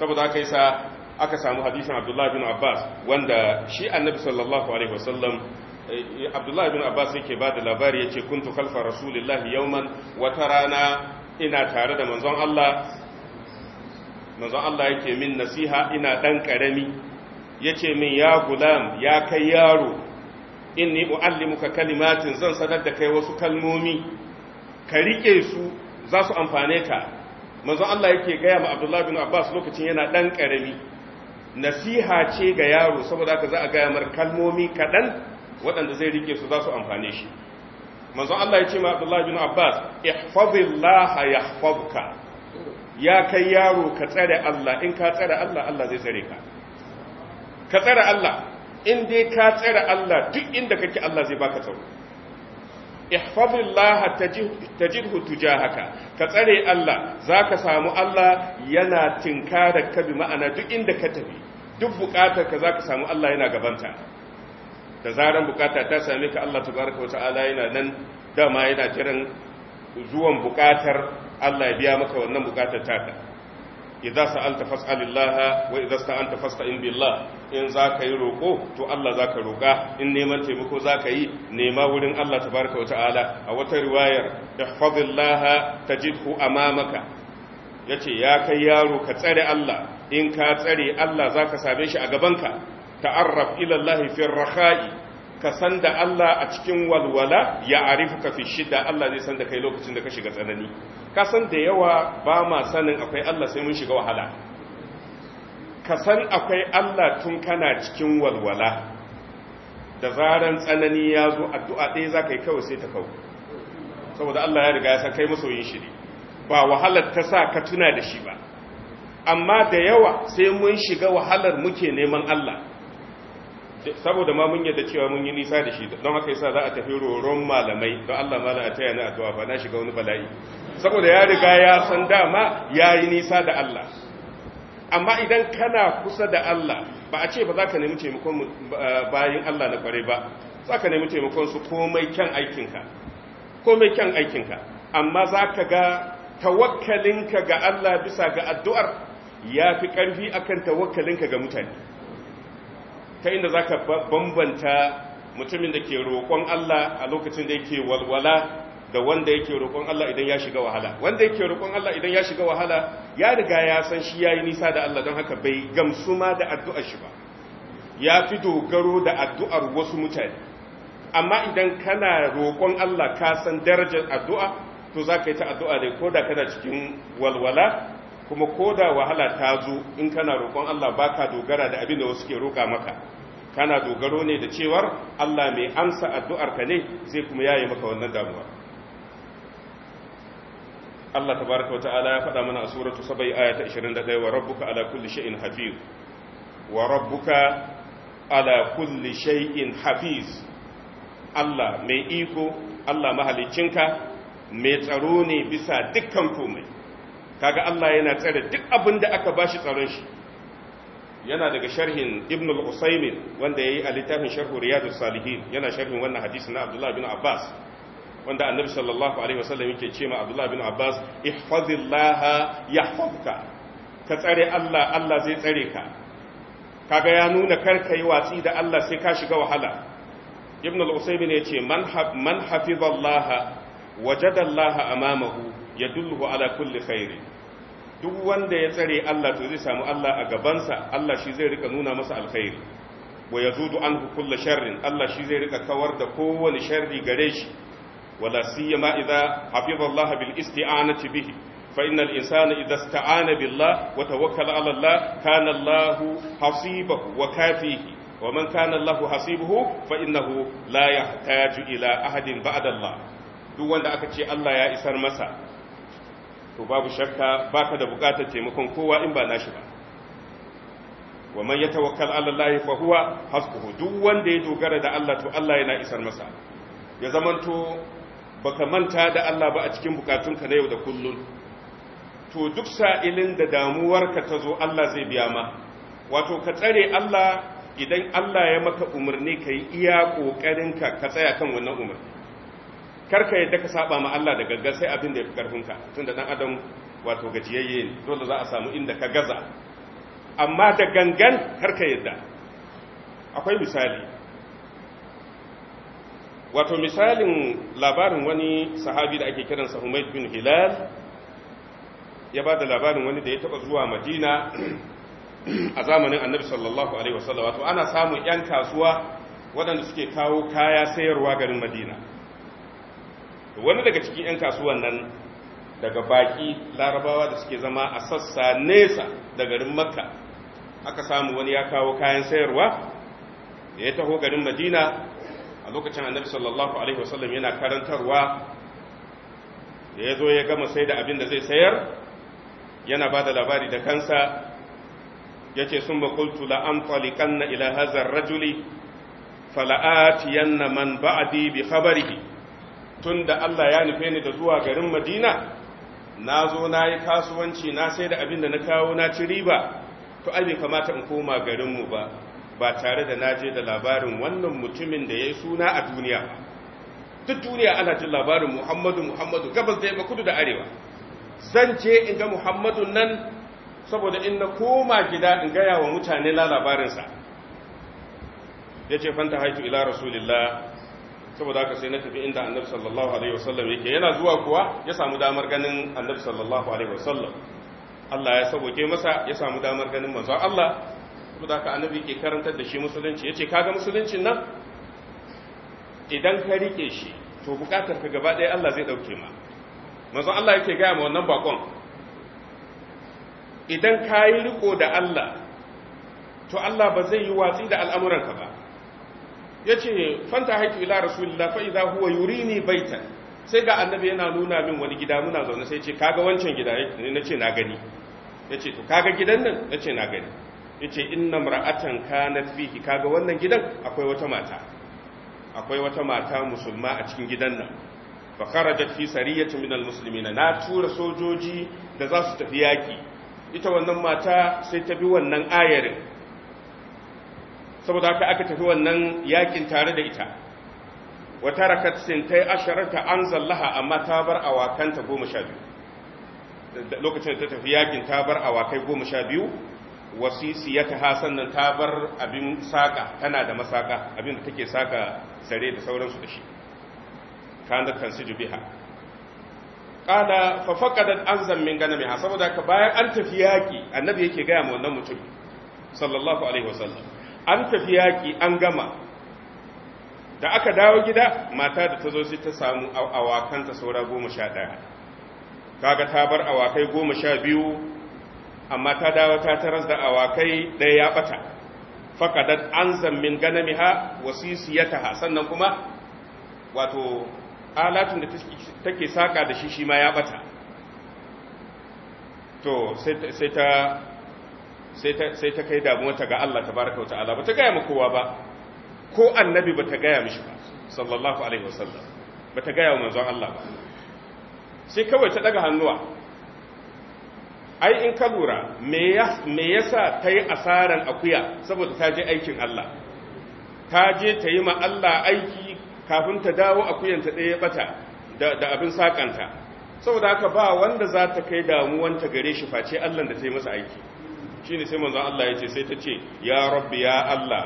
saboda aka yasa aka samu hadisin abdullahi bin abbas wanda shi annabi sallallahu alaihi wasallam eh, abdullahi bin abbas yake ba da labari ya ce kuntu kalfa rasulillahi yauman wata rana ina tare da manzon allah manzon allah yake min nasiha ina dan karami ya ce min ya gulam ya kai yaro inni u'allimuka kalimatin zan sanar da kai wasu kalmomi ka rike su za su amfane ka manzo Allah yake gaya ma Abdullah bin Abbas lokacin yana dan karami nasiha ce ga yaro saboda haka za a gaya mar kalmomi kadan waɗanda zai rike su za su amfane shi manzo Allah ya ma Abdullah bin Abbas ihfazillah yahfazuka ya kai yaro ka tsare Allah in ka tsare Allah Allah zai tsare ka ka tsara Allah in dai ka tsara Allah duk inda kake Allah zai baka tsaro ihfazillah tajidhu tujahaka ka tsare Allah zaka samu Allah yana tinkara ka bi ma'ana duk inda ka tafi duk bukatar ka zaka samu Allah yana gabanta da zaran bukata ta same ka Allah tabaraka ta'ala yana nan dama yana kiran zuwan bukatar Allah ya biya maka wannan bukatar taka idza sa'alta fas'alillah wa idza sta'anta fasta'in billah in zaka yi roko to Allah zaka roka in neman taimako zaka yi nema wurin Allah tabaraka ta'ala. a wata riwayar ihfazillah tajidhu amamaka yace ya kai yaro ka tsare Allah in ka tsare Allah zaka same shi a gabanka ta'arraf ila Allah fi rakhai ka san da Allah a cikin walwala ya arifu ka fi shida Allah zai san da kai lokacin da ka shiga tsanani ka san da yawa ba ma sanin akwai Allah sai mun shiga wahala ka san akwai Allah tun kana cikin walwala da zaran tsanani ya zo addu'a ɗaya za ka yi kawai sai ta kawo saboda Allah ya riga ya san kai masoyin shi ne ba wahalar ta sa ka tuna da shi ba amma da yawa sai mun shiga wahalar muke neman Allah saboda ma mun yadda cewa mun yi nisa da shi don haka yasa za a tafi roron malamai don Allah mala a taya na addu'a fa na shiga wani bala'i saboda ya riga ya san dama ya yi nisa da Allah amma idan kana kusa da Allah ba a ce ba za ka nemi taimakon eh, bayin Allah na kware ba za ka nemi taimakon su komai kyan aikinka komai kyan aikinka amma za ka ga tawakkalinka ga Allah bisa ga addu'ar ya fi ƙarfi akan tawakkalinka ga mutane ta inda za ka bambanta mutumin da ke roƙon Allah a lokacin da yake walwala da wanda yake roƙon Allah idan ya shiga wahala wanda yake roƙon Allah idan ya shiga wahala ya riga ya san shi ya yi nisa da Allah don haka bai gamsu ma da addu'ar shi ba ya fi dogaro da addu'ar wasu mutane amma idan kana roƙon Allah ka san darajar addu'a to za ka yi ta addu'a dai ko da kana cikin walwala kuma ko da wahala ta zo in kana roƙon Allah baka dogara da abin da wasu ke roƙa maka kana dogaro ne da cewar Allah mai amsa addu'arka ne zai kuma yaye maka wannan damuwa Allah tabaraka wa ta'ala ya faɗa mana a suratu sabai aya ta 21 wa rabbuka ala kulli shay'in hafiz wa rabbuka ala kulli shay'in hafiz Allah mai iko Allah mahaliccinka mai tsaro ne bisa dukkan komai kaga Allah yana tsare duk abin da aka bashi tsaron shi yana daga sharhin Ibn al-Usaymin wanda yayi a littafin Sharh Riyadus Salihin yana sharhin wannan hadisi na Abdullah bin Abbas wanda Annabi sallallahu alaihi wasallam yake cewa Abdullah bin Abbas ihfazillaha yahfazka ka tsare Allah Allah zai tsare ka kaga ya nuna karka yi watsi da Allah sai ka shiga wahala Ibn al-Usaymin yace man man hafizallaha wajadallaha amamahu Ya yadulluhu ala kulli khairi duk wanda ya tsare Allah to zai samu Allah a gabansa Allah shi zai rika nuna masa alkhairi wa yazudu anhu kulli sharrin Allah shi zai rika kawar da kowane sharri gare shi wala siyama idza hafiza Allah bil isti'anati bihi fa innal insana idza ista'ana billah wa tawakkala ala Allah kana Allah hasibahu wa kafihi wa man kana Allah hasibuhu fa innahu la yahtaju ila ahadin ba'da Allah duk wanda aka ce Allah ya isar masa to babu shakka baka da bukatar taimakon kowa in ba nashi ba wa man yatawakkal ala Allah fa huwa hasbuhu duk wanda ya dogara da Allah to Allah yana isar masa ya zamanto baka manta da Allah ba a cikin bukatunka na yau da kullun to duk sa'ilin da damuwarka ta zo Allah zai biya ma wato ka tsare Allah idan Allah ya maka umarni kai iya kokarinka ka tsaya kan wannan umarni karka yadda ka saba ma Allah da gaggar sai abin da ya fi karfinka da dan adam wato gajiyayye ne dole za a samu inda ka gaza amma da gangan karka yadda akwai misali wato misalin labarin wani sahabi da ake kiransa Humayd bin Hilal ya ba da labarin wani da ya taba zuwa Madina a zamanin Annabi sallallahu alaihi wasallam wato ana samun yan kasuwa waɗanda suke kawo kaya sayarwa garin Madina wani daga cikin 'yan kasuwan nan daga baki larabawa da suke zama a sassa nesa da garin makka aka samu wani ya kawo kayan sayarwa da ya taho garin madina a lokacin annabi sallallahu alaihi wasallam yana karantarwa da ya zo ya gama sai da abin da zai sayar yana ba da labari da kansa ya ce sun bakultu la'amtalikan ila ilahazar rajuli fala'atiyan na man ba'adi bi khabarihi tun da Allah ya nufe ni da zuwa garin Madina na zo na yi kasuwanci na sai da abin da na kawo na ci riba to ai bai kamata in koma garinmu ba ba tare da na je da labarin wannan mutumin da ya yi suna a duniya duk duniya ana jin labarin Muhammadu Muhammadu gabas da yamma kudu da arewa zan je in ga Muhammadu nan saboda in na koma gida in gaya wa mutane la labarinsa ya ce fanta haitu ila rasulillah saboda haka sai na tafi inda annabi sallallahu alaihi wasallam yake yana zuwa kuwa ya samu damar ganin annabi sallallahu alaihi wasallam Allah ya sauke masa ya samu damar ganin manzo Allah saboda haka annabi ke karantar da shi musulunci yace kaga musuluncin nan idan ka rike shi to bukatar ka gaba ɗaya Allah zai dauke ma manzo Allah yake ga ma wannan bakon idan ka yi riko da Allah to Allah ba zai yi watsi da al'amuranka ba Ya ce fanta haitu ila rasulillah fa idza huwa yurini baitan sai ga annabi yana nuna min wani gida muna zaune sai ce kaga wancan gida nace na gani yace to kaga gidan nan nace na gani yace inna mar'atan kanat fihi kaga wannan gidan akwai wata mata akwai wata mata musulma a cikin gidan nan fa kharajat fi sariyati min na tura sojoji da za su tafi yaki ita wannan mata sai ta bi wannan ayarin saboda haka aka tafi wannan yakin tare da ita wa tarakat sintai asharata anzallaha amma ta bar awakanta goma sha biyu lokacin da ta tafi yakin ta bar awakai goma sha biyu wasisi ya taha sannan ta bar abin saka tana da masaka abin da take saka sare da sauransu da shi kana tansiju biha kada fa faqadat anzan min ganami saboda ka bayan an tafi yaki annabi yake ga mu wannan mutum sallallahu alaihi wasallam an tafi yaki, an gama da aka dawo gida mata da ta zo sai ta samu awakanta saura goma sha ɗaya kaga ta bar awakai goma sha biyu amma ta dawo ta taras da awakai ɗaya ya ɓata faƙadat an zammin ganamiha wasisiyataha sannan kuma wato alatun da take saƙa da shi shi ma ya ɓata to sai ta sai ta kai damuwarta ga Allah tabaraka wata'ala ba ta gaya mu kowa ba ko annabi ba ta gaya mishi ba sallallahu alaihi wasallam ba ta gaya wa manzon Allah ba sai kawai ta daga hannuwa ai in ka lura me yasa ta yi asaran akuya saboda ta je aikin Allah ta je ta yi ma Allah aiki kafin ta dawo akuyanta ɗaya bata da abin sakanta saboda haka ba wanda za ta kai damuwanta gare shi face Allah da ta yi masa aiki shine sai manzon Allah ya ce sai ta ce ya rabbi ya Allah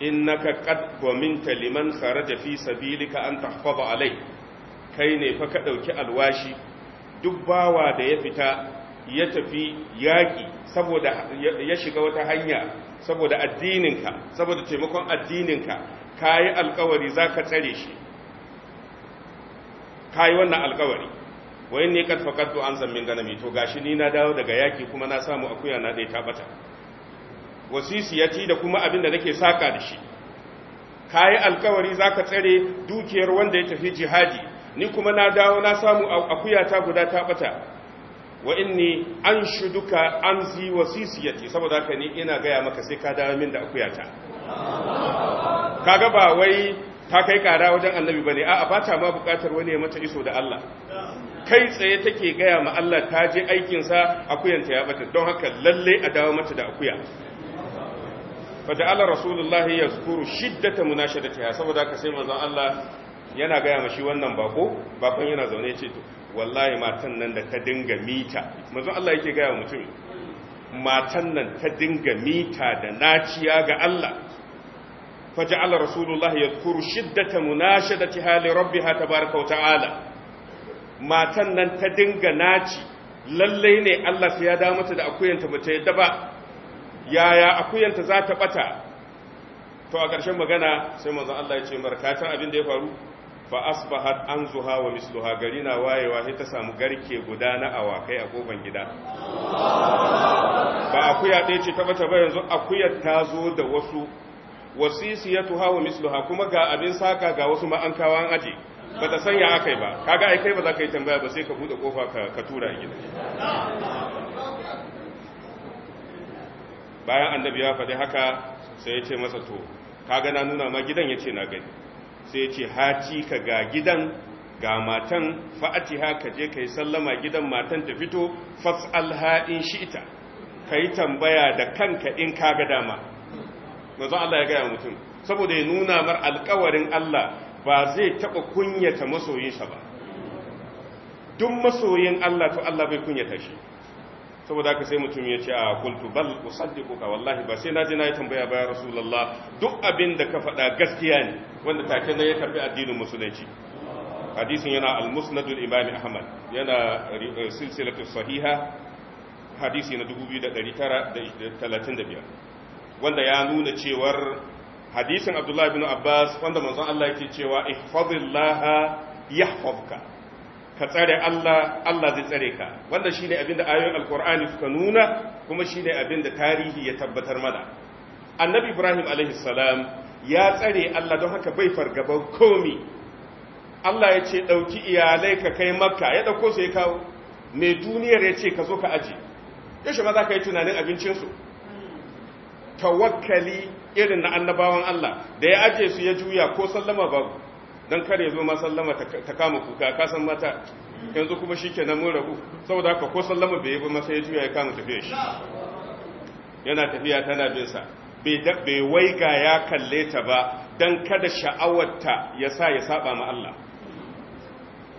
innaka qad gominta liman kharaja fi sabilika an tahfaza alai kai ne fa ka dauki alwashi duk bawa da ya fita ya tafi yaki saboda ya shiga wata hanya saboda addininka saboda taimakon addininka kayi alkawari zaka tsare shi kayi wannan alkawari Wai inni qad an amsan min ganami to gashi ni na dawo daga yaki kuma na samu akuya na dai ta bata wasisiyati da kuma abin da nake saka da shi kayi alkawari zaka tsare dukiyar wanda ya tafi jihadi ni kuma na dawo na samu akuya ta guda ta bata wa inni anshuduka amzi wasisiyati saboda haka ni ina gaya maka sai ka dawo min da akuya ta kaga ba wai ta kai kara wajen annabi bane a'a ba ta ma bukatar wani ya mata iso da Allah kai tsaye take gaya ma Allah ta je aikinsa akuyanta ya bata don haka lalle a dawo mata da akuya ala rasulullahi yazkuru shiddata munashadatiha saboda ka sai manzon Allah yana gaya ma shi wannan bako bakon yana zaune ce to wallahi matan nan da ta dinga mita manzon Allah yake gaya wa mutum matan nan ta dinga mita da naciya ga Allah faja'ala rasulullahi yazkuru shiddata munashadatiha li rabbiha tabaaraka wa ta'ala matan nan ta dinga naci lallai ne Allah sai ya da mata da akuyanta bata yadda ba yaya akuyanta za ta bata to a ƙarshen magana sai manzon Allah ya ce markatan abin da ya faru fa asbahat anzuha wa misluha gari na wayewa sai ta samu garke guda na awakai a goban gida ba akuya ɗaya ce ta bata ba yanzu akuyar ta zo da wasu wasisiyatuha wa misluha kuma ga abin saka ga wasu an aje ba ta sanya aka yi ba kaga ai kai ba za ka yi tambaya ba sai ka bude kofa ka tura gida bayan annabi ya faɗi haka sai ya ce masa to kaga na nuna ma gidan ya ce na gani sai ya ce haci ka ga gidan ga matan fa'atiha ka je ka sallama gidan matan ta fito fas in shi'ita ka tambaya da kanka in kaga dama mazan Allah ya gaya mutum saboda ya nuna mar alkawarin Allah ba zai taɓa kunyata masoyinsa ba duk masoyin Allah to Allah bai kunyata shi saboda haka sai mutum ya ce a kuntu bal ka wallahi ba sai na je na yi tambaya ba ya rasulullah duk abin da ka faɗa gaskiya ne wanda take ne ya karbi addinin musulunci hadisin yana al-musnad al-imam ahmad yana silsilatu sahiha hadisi na 2935 wanda ya nuna cewar hadisin abdullahi bin abbas wanda manzon Allah yake cewa ihfazillaha yahfazka ka tsare Allah Allah zai tsare ka wanda shine abinda ayoyin alqur'ani suka nuna kuma shine abinda tarihi ya tabbatar mana annabi ibrahim alaihi salam ya tsare Allah don haka bai fargaba komi Allah ya ce dauki iyalai ka kai makka ya dauko su ya kawo mai duniyar ya ce ka zo ka aje yaushe ma za ka yi tunanin abincinsu hmm. tawakkali irin na annabawan Allah da ya aje su ya juya ko sallama babu don kare zo ma sallama ta kama kuka ka san mata yanzu kuma shi ke nan rabu saboda haka ko sallama bai yi ba masa ya juya ya kama tafiya shi yana tafiya tana bin sa bai waiga ya kalle ta ba don kada sha'awarta ya sa ya saba ma Allah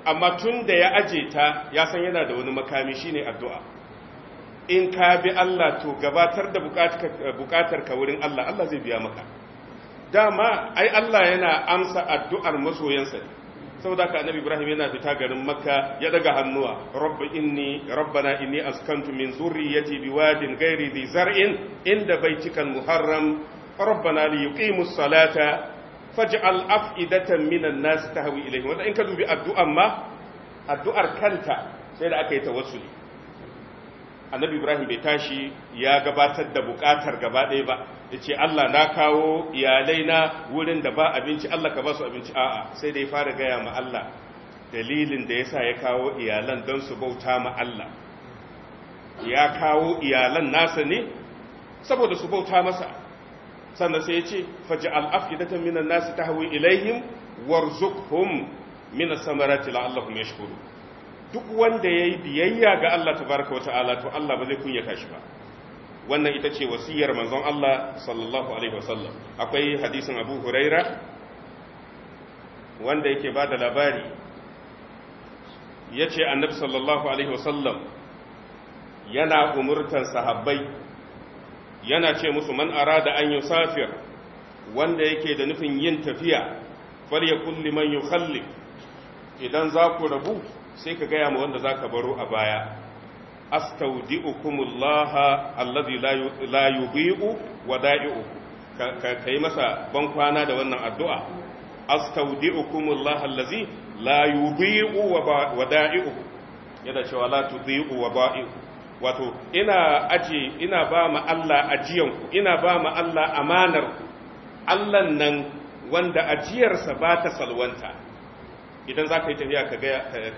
amma tun da ya aje ta ya san yana da wani makami shine addu'a in ka bi Allah to gabatar da bukatar ka wurin Allah Allah zai biya maka dama ai Allah yana amsa addu'ar masoyansa saboda ka annabi Ibrahim yana fita garin Makka ya daga hannuwa rabbi inni rabbana inni askantu min zurriyyati biwadin ghairi dhi zar'in inda baitikal muharram rabbana li yuqimus salata faj'al af'idatan minan nas tahwi ilayhi wanda in ka dubi addu'an ma addu'ar kanta sai da aka yi tawassuli annabi ibrahim bai tashi ya gabatar da bukatar gaba ɗaya ba ya ce allah na kawo iyalai na wurin da ba abinci allah ka ba su abinci a'a sai da ya fara gaya ma allah dalilin da yasa ya kawo iyalan don su bauta ma allah ya kawo iyalan nasa ne saboda su bauta masa sannan sai ya ce faj'al nasu minan hau tahwi ilaihim hum min samaratila samarati la'allahum yashkurun duk wanda yayi biyayya ga Allah tabaraka wa ta'ala to Allah ba zai kunyata shi ba wannan ita ce wasiyar manzon Allah sallallahu alaihi wasallam akwai hadisin Abu Huraira wanda yake bada labari yace annabi sallallahu alaihi wasallam yana umurtan sahabbai yana ce musu man arada an yusafir wanda yake da nufin yin tafiya falyakul liman yukhallif idan za ku rabu sai ka gaya ma wanda za ka baro a baya astaudi'ukumullaha allazi la yudhi'u wada'i'u ka kai masa ban kwana da wannan addu'a astaudi'ukumullaha allazi la yudhi'u wada'i'u yana cewa la tudhi'u wada'i'u wato ina aji ina ba ma Allah ajiyanku ina ba ma Allah amanar Allah nan wanda ajiyarsa ba ta salwanta idan za ka yi tafiya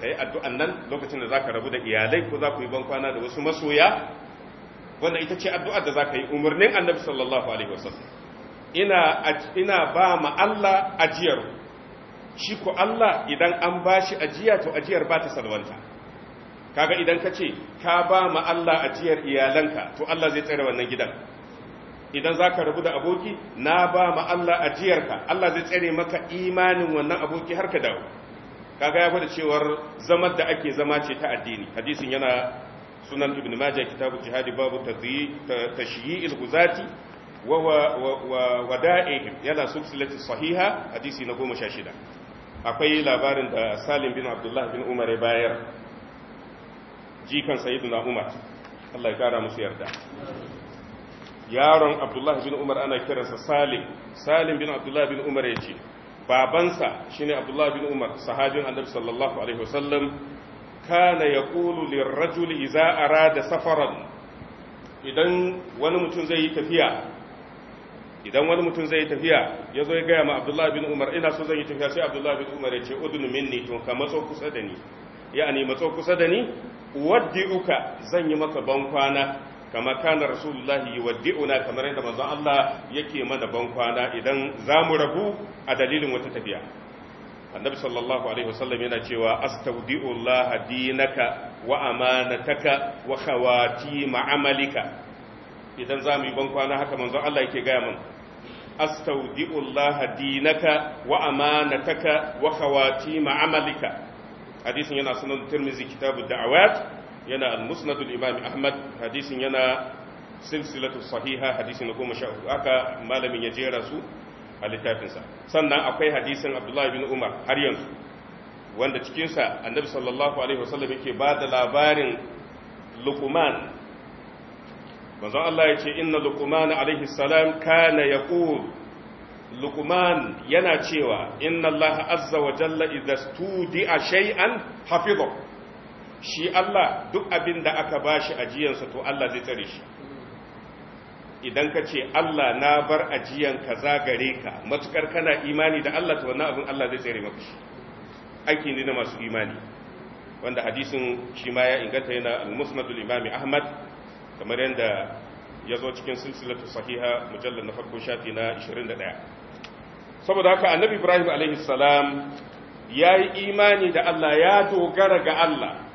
ka yi addu'an nan lokacin da za ka rabu da iyalai ko za ku yi bankwana da wasu masoya wanda ita ce addu'ar da za ka yi umarnin annabi sallallahu alaihi wasallam ina ba ma Allah ajiyar shi ko Allah idan an ba shi ajiya to ajiyar ba ta salwanta kaga idan ka ce ka ba ma Allah ajiyar iyalanka to Allah zai tsare wannan gidan idan za ka rabu da aboki na ba ma Allah ajiyarka Allah zai tsare maka imanin wannan aboki har ka dawo kaga ya gwada cewar zamar da ake zama ce ta addini hadisin yana sunan ibn majah kitabu jihadi babu tashyi'il guzati wa wada'ihim yana silsilati sahiha hadisi na 16 akwai labarin da Salim bin Abdullah bin Umar ya bayar jikan sayyiduna Umar Allah ya kara musu yarda yaron Abdullah bin Umar ana kiransa Salim Salim bin Abdullah bin Umar ya ce. babansa shine abdullah bin umar sahabin annabi sallallahu alaihi wasallam kana yaqulu lirrajuli idza arada safaran idan wani mutum zai yi tafiya idan wani mutum zai yi tafiya ya zo ya gaya ma abdullah bin umar ina so zan yi tafiya sai abdullah bin umar ya ce udunu minni to ka matso kusa da ni ya'ani matso kusa da ni uka zan yi maka bankwana kama kana rasulullahi yuwaddi'una kamar yadda manzon Allah yake mana ban kwana idan za mu rabu a dalilin wata tafiya annabi sallallahu alaihi wasallam yana cewa astaudi'ullaha dinaka wa amanataka wa khawati ma'amalika idan za mu yi ban kwana haka manzon Allah yake gaya mana astaudi'ullaha dinaka wa amanataka wa khawati ma'amalika hadisin yana sunan Tirmidhi kitabud da'awat yana al-musnadul imam ahmad hadisin yana silsilatu sahiha hadisin na goma sha uku aka malamin ya jera su a littafinsa sannan akwai hadisin abdullahi bin umar har yanzu wanda cikinsa annabi sallallahu alaihi wasallam yake ba da labarin luqman manzo Allah ya ce inna luqman alaihi salam kana yaqul luqman yana cewa inna Allah azza wa jalla idza studi'a shay'an hafizahu shi Allah duk abin da aka ba shi ajiyansa to Allah zai tsare shi idan ka ce Allah na bar ajiyan kaza gare ka matukar kana imani da Allah to wannan abin Allah zai tsare maka shi aiki ne na masu imani wanda hadisin shi ma ya inganta yana al-musnadul imami ahmad kamar yadda ya zo cikin silsilatu sahiha mujallar na farko shafi na 21 saboda haka annabi ibrahim alaihi salam ya imani da Allah ya dogara ga Allah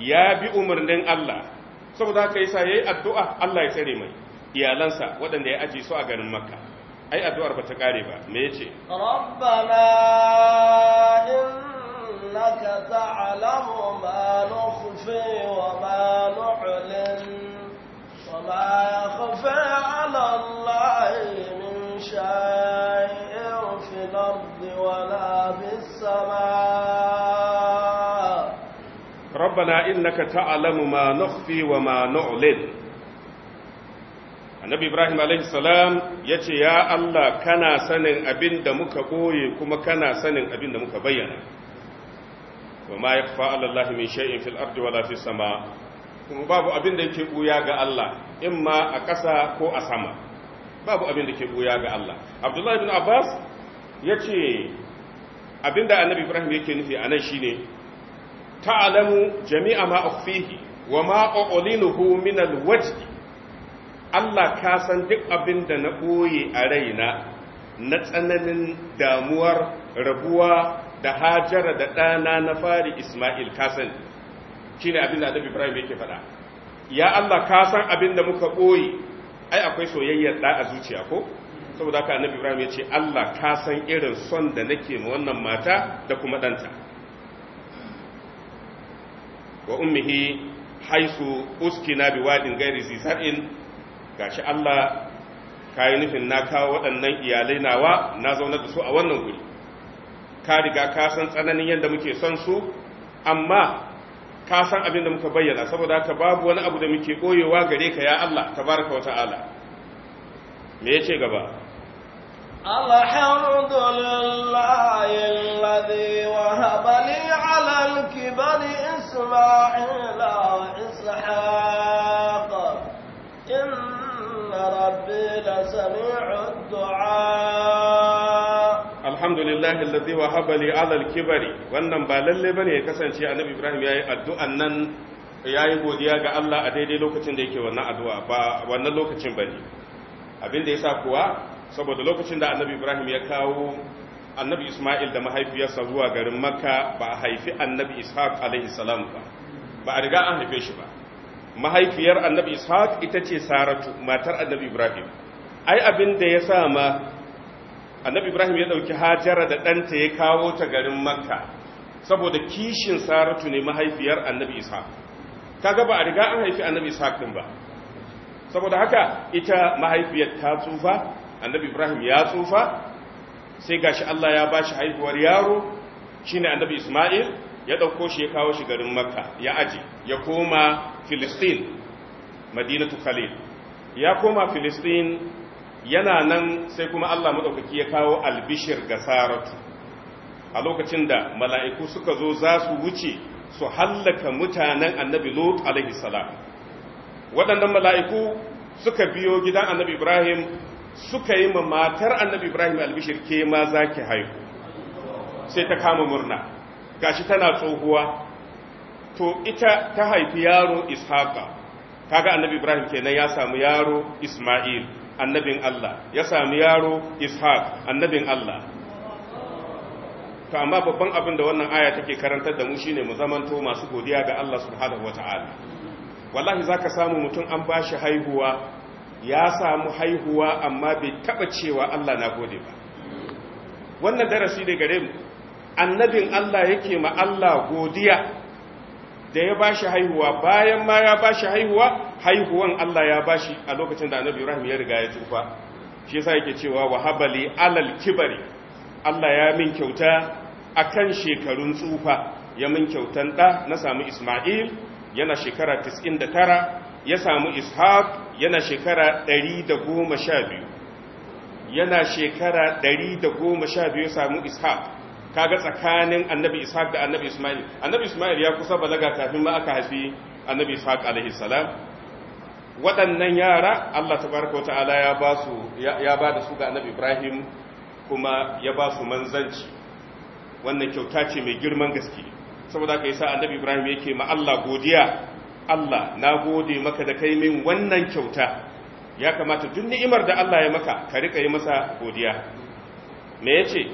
ya bi umarnin Allah saboda haka yasa yayi addu'a Allah ya tsare mai iyalansa waɗanda ya aje su a garin Makka ai addu'ar ba ta kare ba me yace rabbana innaka ta'lamu ma nukhfi wa ma nu'lin wa ma yakhfa 'ala Allahi min shay'in fil ardi wa la bis samaa rabbana innaka ta'lamu ma ibrahim alaihi salam yace ya allah kana sanin abin da muka boye kuma kana sanin abin da muka bayyana wa ma yakhfa 'ala allahi min shay'in fil sama kuma babu abin da yake buya ga allah ma a ƙasa ko a sama babu abin da ke buya ga allah abdullahi bin abbas yace abinda annabi ibrahim yake nufi anan shine ta'lamu jami'a ma ukhfihi wa ma u'linuhu min alwajh Allah ka san duk abin da na ɓoye a raina na tsananin damuwar rabuwa da hajara da ɗana na fari Ismail ka sani shine abin da Annabi Ibrahim yake faɗa ya Allah ka san abin da muka boye ai akwai soyayyar da a zuciya ko saboda haka Annabi Ibrahim ya ce Allah ka san irin son da nake ma wannan mata da kuma ɗanta wa ummihi haisu uskina bi wadin gairi Ga shi Allah ka yi nufin na kawo waɗannan iyalai nawa na zauna da su a wannan guri ka riga ka san tsananin yadda muke son su amma ka san abin da muka bayyana saboda ka babu wani abu da muke koyewa gare ka ya Allah tabaraka wata ta'ala me yace gaba alhamdulillahi alladhi wa إسماعيل وإسحاق إن ربي لسميع الدعاء الحمد لله الذي وهب لي على الكبر wannan ba lalle bane ya kasance annabi Ibrahim yayi addu'an nan yayi godiya ga Allah a daidai lokacin da yake wannan addu'a ba wannan lokacin bane abin da yasa kuwa saboda lokacin da annabi Ibrahim ya kawo annabi Ismail da mahaifiyarsa zuwa garin Makka ba a haifi annabi Ishaq alaihi salam ba ba a riga an haife shi ba mahaifiyar annabi Ishaq ita ce Saratu matar annabi Ibrahim ai abin da ya sa ma annabi Ibrahim ya dauki Hajara da ɗanta ya kawo ta garin Makka saboda kishin Saratu ne mahaifiyar annabi Ishaq kaga ba a riga an haifi annabi Ishaq din ba saboda haka ita mahaifiyar ta tsufa annabi Ibrahim ya tsufa sai gashi Allah ya ba shi haihuwar yaro shine annabi Isma'il ya dauko shi ya kawo shi garin Makka ya aje ya koma Filistin Madinatu Khalil ya koma Filistin yana nan sai kuma Allah madaukaki ya kawo albishir ga Saratu a lokacin da mala'iku suka zo za su wuce su hallaka mutanen annabi Lut alaihi salam waɗannan mala'iku suka biyo gidan annabi Ibrahim suka yi ma matar annabi ibrahim albishir ke ma za ki haihu sai ta kama murna gashi tana tsohuwa to ita ta haifi yaro ishaqa kaga annabi ibrahim kenan ya samu yaro isma'il annabin allah ya samu yaro ishaq annabin allah to amma babban abin da wannan aya take karantar da mu shine mu zamanto masu godiya ga allah subhanahu wataala wallahi zaka samu mutum an bashi haihuwa ya samu haihuwa amma bai taba cewa Allah na gode ba wannan darasi da gare mu annabin Allah yake ma Allah godiya da ya bashi haihuwa bayan ma ya bashi haihuwa haihuwan Allah ya bashi a lokacin da annabi Ibrahim ya riga ya tsufa. shi yasa yake cewa wahabali alal kibari Allah ya min kyauta akan shekarun tsufa ya min kyautan da na samu Isma'il yana shekara 99 ya samu Ishaq yana shekara 112 yana shekara 112 samu ishaq kaga tsakanin annabi ishaq da annabi isma'il annabi isma'il ya kusa balaga kafin ma aka haifi annabi ishaq alaihi salam waɗannan yara Allah tabaraka wa ta'ala ya ba su ya ba da su ga annabi ibrahim kuma ya ba su manzanci wannan kyauta ce mai girman gaske saboda haka yasa annabi ibrahim yake ma Allah godiya Allah na gode maka da kai min wannan kyauta ya kamata duk ni'imar da Allah ya maka ka rika yi masa godiya me yace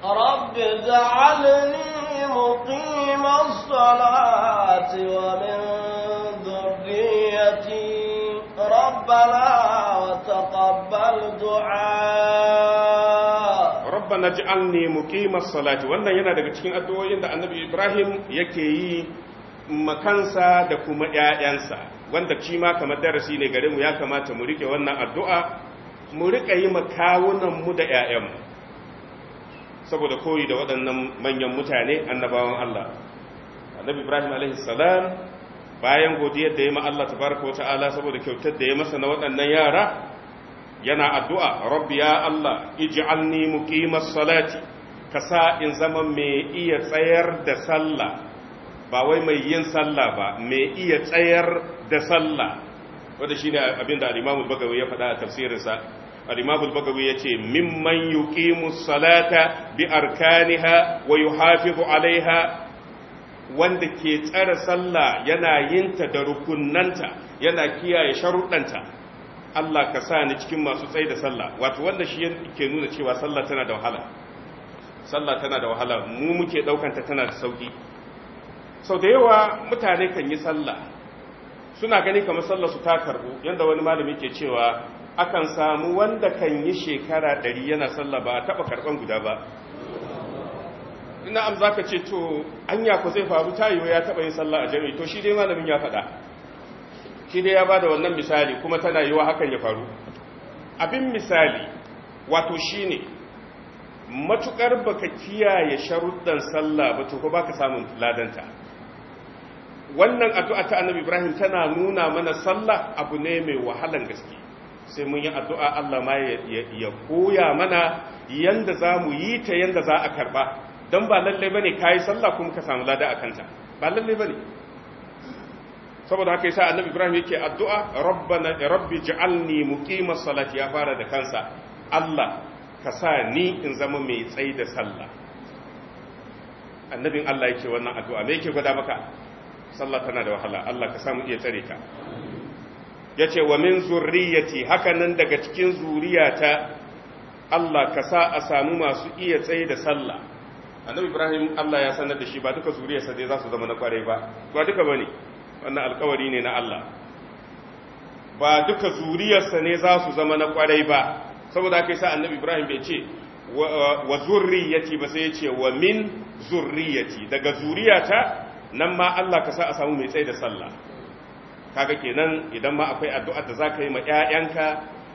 رب اجعلني مقيم الصلاة ومن ذريتي ربنا وتقبل wannan yana daga cikin addu'o'in da Annabi Ibrahim yake yi makansa da kuma ‘ya'yansa wanda shi ma kamar darasi ne gare mu ya kamata mu rike wannan addu'a mu rika yi makawunanmu da ‘ya'yanmu saboda koyi da waɗannan manyan mutane annabawan Allah annabi Ibrahim alaihissalam bayan godiyar da ya ma Allah tabaraka wa ta'ala saboda kyautar da ya masa na waɗannan yara yana addu'a rabbi ya Allah ij'alni muqimas salati ka sa in zama mai iya tsayar da sallah ba wai mai yin sallah ba mai iya tsayar da sallah wanda shine abinda al-Imam al-Bagawi ya faɗa a tafsirinsa al-Imam ya ce yace mimman yuqimu salata bi arkaniha wa yuhafizu alaiha wanda ke tsara sallah yana yinta da rukunnanta yana kiyaye sharuɗanta Allah ka sa ni cikin masu tsaye da sallah wato wanda shi ke nuna cewa sallah tana da wahala sallah tana da wahala mu muke ɗaukanta tana da sauki sau da yawa mutane kan yi sallah suna gani kamar sallah su ta karbu yadda wani malami ke cewa akan samu wanda kan yi shekara ɗari yana sallah ba a taɓa karɓar guda ba ina am ka ce to anya ku zai faru ta yiwu ya taɓa yin sallah a jami'i to shi dai malamin ya faɗa shi dai ya bada wannan misali kuma tana yiwa hakan ya faru abin misali wato shine matukar baka kiyaye sharuddan sallah ba to ko baka samun ladanta wannan addu'a ta annabi ibrahim tana nuna mana sallah abu ne mai wahalan gaske sai mun yi addu'a allah ma ya koya mana yanda za mu yi ta yanda za a karba don ba lalle ba ne ka yi sallah kuma ka samu lada a kanta ba lalle ba ne saboda haka yasa annabi ibrahim yake addu'a rabbana rabbi ji'alni muqimas salati ya fara da kansa allah ka sa ni in zama mai tsayi da sallah annabin allah yake wannan addu'a me yake gwada maka sallah tana da wahala Allah ka samu iya tsare ta yace wa min zurriyati hakanan daga cikin zuriyata Allah ka sa a samu masu iya tsaye da sallah annabi Ibrahim Allah ya sanar da shi ba duka zuriyarsa dai za su zama na kwarai ba ba duka bane wannan alkawari ne na Allah ba duka zuriyarsa ne za su zama na kwarai ba saboda haka yasa annabi Ibrahim bai ce wa zurriyati ba sai ya ce wa min zurriyati daga zuriyata nan ma Allah ka sa a samu mai tsaye da sallah kaga kenan idan ma akwai addu'a da za ka yi ma ƴaƴanka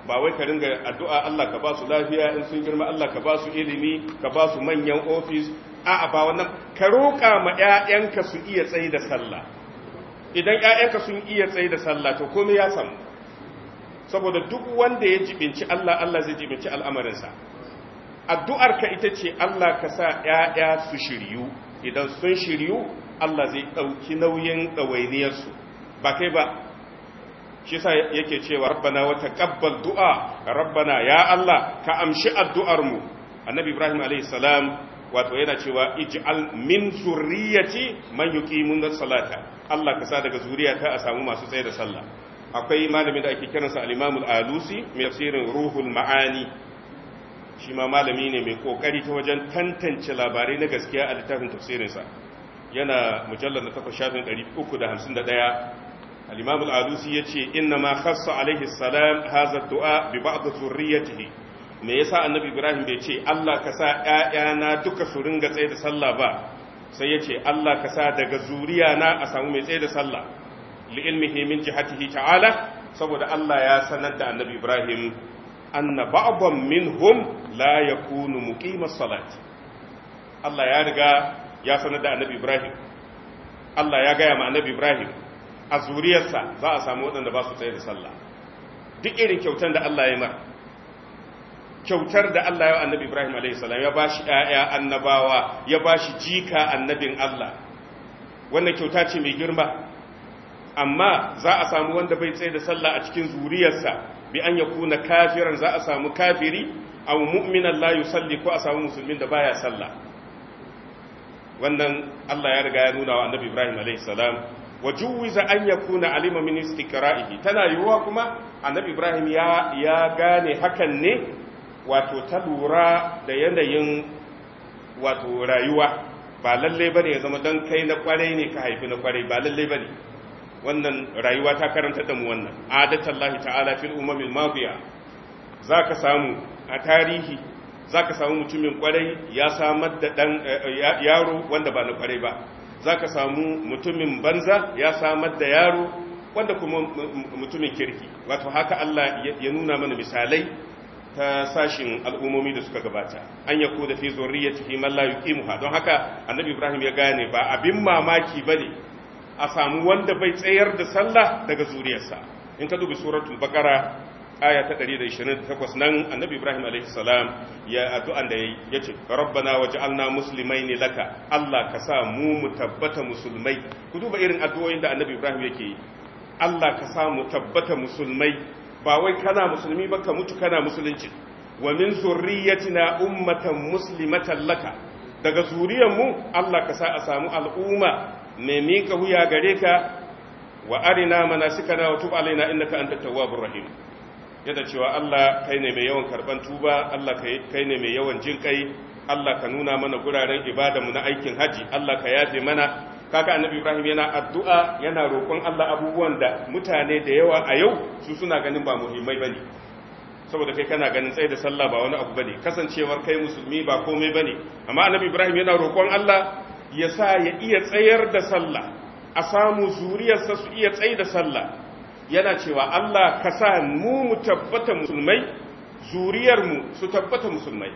ba wai ka ringa addu'a Allah ka ba su lafiya in sun girma Allah ka ba su ilimi ka ba su manyan office a'a ba wannan ka roƙa ma ƴaƴanka su iya tsaye da sallah idan ƴaƴanka sun iya tsaye da sallah to komai ya samu saboda duk wanda ya jibinci Allah Allah zai jibinci al'amarinsa addu'arka ita ce Allah ka sa 'ya'ya su shiryu idan sun shiryu Allah zai ɗauki nauyin ɗawainiyarsu ba kai ba shi sa yake cewa rabbana wata taqabbal du'a rabbana ya Allah ka amshi addu'ar mu annabi ibrahim alayhi salam wato yana cewa ij'al min zurriyati man yuqimuna salata Allah ka sa daga zuriyata a samu masu tsaye da sallah akwai malamin da ake kiransa al-imam al-alusi mai tafsirin ruhul ma'ani shi ma malami ne mai kokari ta wajen tantance labarai na gaskiya a littafin tafsirinsa yana mujallar na takwas shafin 351 al-imam al-adusi yace inna ma khassa alaihi salam haza du'a bi ba'd zurriyatihi me yasa annabi ibrahim bai ce Allah ka sa ƴaƴana duka su ringa tsaye da sallah ba sai yace Allah ka sa daga zuriya na a samu mai tsaye da sallah li ilmihi min jihatihi ta'ala saboda Allah ya sanar da annabi ibrahim anna ba'dhum minhum la yakunu muqimas salat Allah ya riga ya sanar da annabi ibrahim Allah ya gaya ma annabi ibrahim a zuriyarsa za a samu waɗanda ba su tsaye da sallah duk irin kyautar da Allah ya mar kyautar da Allah ya annabi ibrahim alaihi salam ya bashi ƴaƴa annabawa ya bashi jika annabin Allah wannan kyauta ce mai girma amma za a samu wanda bai tsaye da sallah a cikin zuriyarsa bi an yakuna kafiran za a samu kafiri aw mu'minan la yusalli ko a samu musulmin da baya sallah wannan Allah ya riga ya nuna wa annabi Ibrahim alaihi salam wa juwiza an yakuna alima min istiqra'ihi tana yiwuwa kuma annabi Ibrahim ya ya gane hakan ne wato ta lura da yanayin wato rayuwa ba lalle bane ya zama dan kai na kwarai ne ka haifi na kwarai ba lalle bane wannan rayuwa ta karanta da mu wannan adatallahi ta'ala fil umamil madiya zaka samu a tarihi Za ka samu mutumin kwarai ya samar da ɗan eh, yaro wanda ba na kwarai ba za ka samu mutumin banza ya samar da yaro wanda kuma mutumin kirki wato haka Allah ya nuna mana misalai ta sashin al'ummomi da suka gabata an yako da fi zurriyatihi man la ha don haka annabi Ibrahim ya gane ba abin mamaki ba ne a samu wanda bai tsayar da sallah daga zuriyarsa in ka dubi suratul baqara aya ta 128 nan annabi ibrahim alaihi salam ya addu'an da yayi yace rabbana waj'alna muslimaini laka allah ka sa mu mu tabbata musulmai ku duba irin addu'o'in da annabi ibrahim yake yi allah ka sa mu tabbata musulmai ba wai kana musulmi ba ka mutu kana musulunci wa min zurriyatina ummatan muslimatan laka daga zuriyar mu allah ka sa a samu al'umma mai mika huya gare ka wa arina manasikana wa tub alaina innaka antat tawwabur rahim Yadda cewa Allah kai ne mai yawan karban tuba Allah kai ne mai yawan jin kai Allah ka nuna mana guraren mu na aikin haji Allah ka yafe mana kaka annabi Ibrahim yana addu'a yana roƙon Allah abubuwan da mutane da yawa a yau su suna ganin ba muhimmai bane saboda kai kana ganin tsaye da sallah ba wani abu bane kasancewar kai musulmi ba komai bane amma annabi Ibrahim yana roƙon Allah ya sa ya iya tsayar da sallah a samu zuriyarsa su iya tsayar da sallah yana cewa Allah ka sa mu mu tabbata musulmai zuriyar mu su tabbata musulmai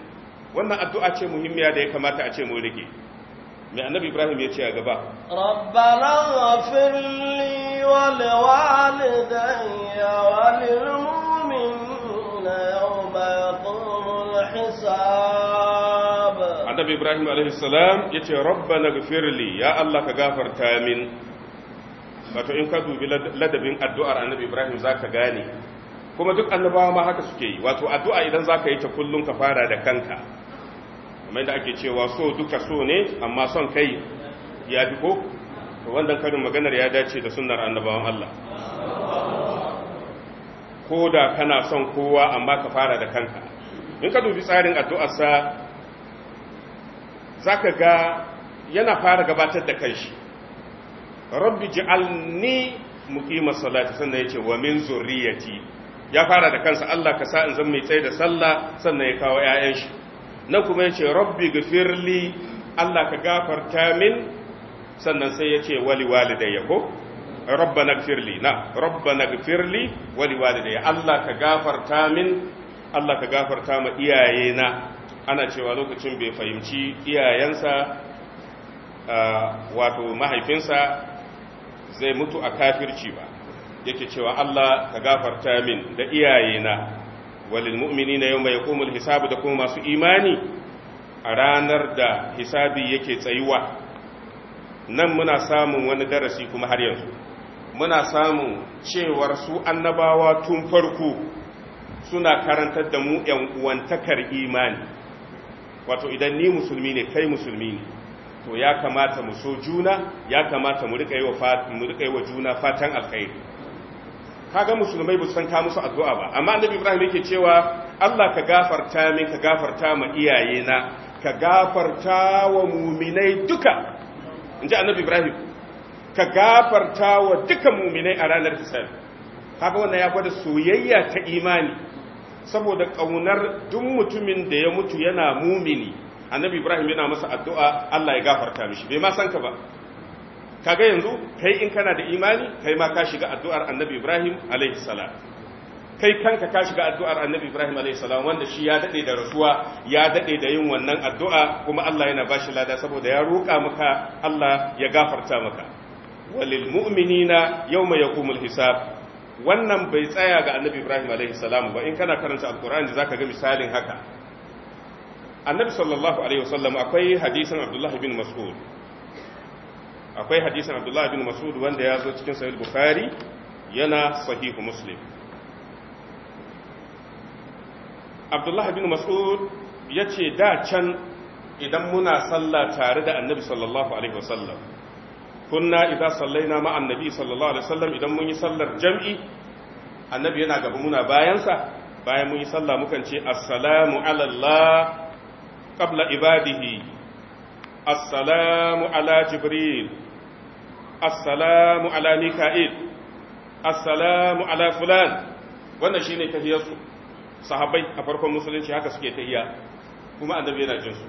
wannan addu'a ce muhimmiya da ya kamata a ce mu rike mai annabi Ibrahim ya ce a gaba rabbana ghafir li wa liwalidayya wa yawma yaqumul hisab annabi Ibrahim alaihi salam yace rabbana ghafir li ya Allah ka gafarta min wato in ka dubi ladabin addu'ar annabi ibrahim zaka gane kuma duk annabawa ma haka suke yi wato addu'a idan zaka yi ta kullum ka fara da kanka kamar da ake cewa so duka so ne amma son kai ya fi ko wannan karin maganar ya dace da sunnar annabawan Allah ko da kana son kowa amma ka fara da kanka in ka dubi tsarin addu'arsa za ga yana fara gabatar da kanshi rabbi ji'alni muqima salati sannan yace wa min zurriyati ya fara da kansa Allah ka sa in zan mai tsaye da sallah sannan ya kawo ƴaƴan shi nan kuma yace rabbi gafirli Allah ka gafarta min sannan sai yace wali walidayya ko rabbana gfirli na rabbana gfirli wali walidayya Allah ka gafarta min Allah ka gafarta ma iyayena ana cewa lokacin bai fahimci iyayensa ah, wato mahaifinsa zai mutu a kafirci ba yake cewa Allah ka gafarta min da iyayena walil mu'minina yawma yaqumul hisabu da kuma masu imani a ranar da hisabi yake tsayuwa nan muna samun wani darasi kuma har yanzu muna samun cewar su annabawa tun farko suna karantar da mu ‘yan uwantakar imani wato idan ni musulmi ne kai musulmi ne to ya kamata mu so juna ya kamata mu rika yi wa juna fatan alkhairi kaga musulmai ba san ka musu addu'a ba amma annabi ibrahim yake cewa Allah ka gafarta min ka gafarta ma iyaye ka gafarta wa muminai duka inji annabi ibrahim ka gafarta wa duka muminai a ranar hisabi kaga wannan ya gwada soyayya ta imani saboda kaunar duk mutumin da ya mutu yana mumini annabi ibrahim yana masa addu'a Allah ya gafarta mishi bai ma san ka ba kaga yanzu kai in kana da imani kai ma ka shiga addu'ar annabi ibrahim alaihi salam kai kanka ka shiga addu'ar annabi ibrahim alaihi salam wanda shi ya dade da rasuwa ya dade da yin wannan addu'a kuma Allah yana ba shi lada saboda ya roƙa maka Allah ya gafarta maka walil mu'minina yawma yaqumul hisab wannan bai tsaya ga annabi ibrahim alaihi salam ba in kana karanta za zaka ga misalin haka annabi sallallahu alaihi wasallam akwai hadisan abdullahi bin mas'ud akwai hadisan abdullahi bin mas'ud wanda ya zo cikin sahih bukhari yana sahihu muslim abdullahi bin mas'ud ya ce da can idan muna sallah tare da annabi sallallahu alaihi wasallam kunna idza sallaina ma annabi sallallahu alaihi wasallam idan mun yi sallar jam'i annabi yana gaba muna bayansa bayan mun yi sallah mukan ce assalamu ala qabla ibadihi assalamu ala jibril assalamu ala mika'il assalamu ala fulan wannan shine su sahabbai a farkon musulunci haka suke tahiya kuma annabi yana jin su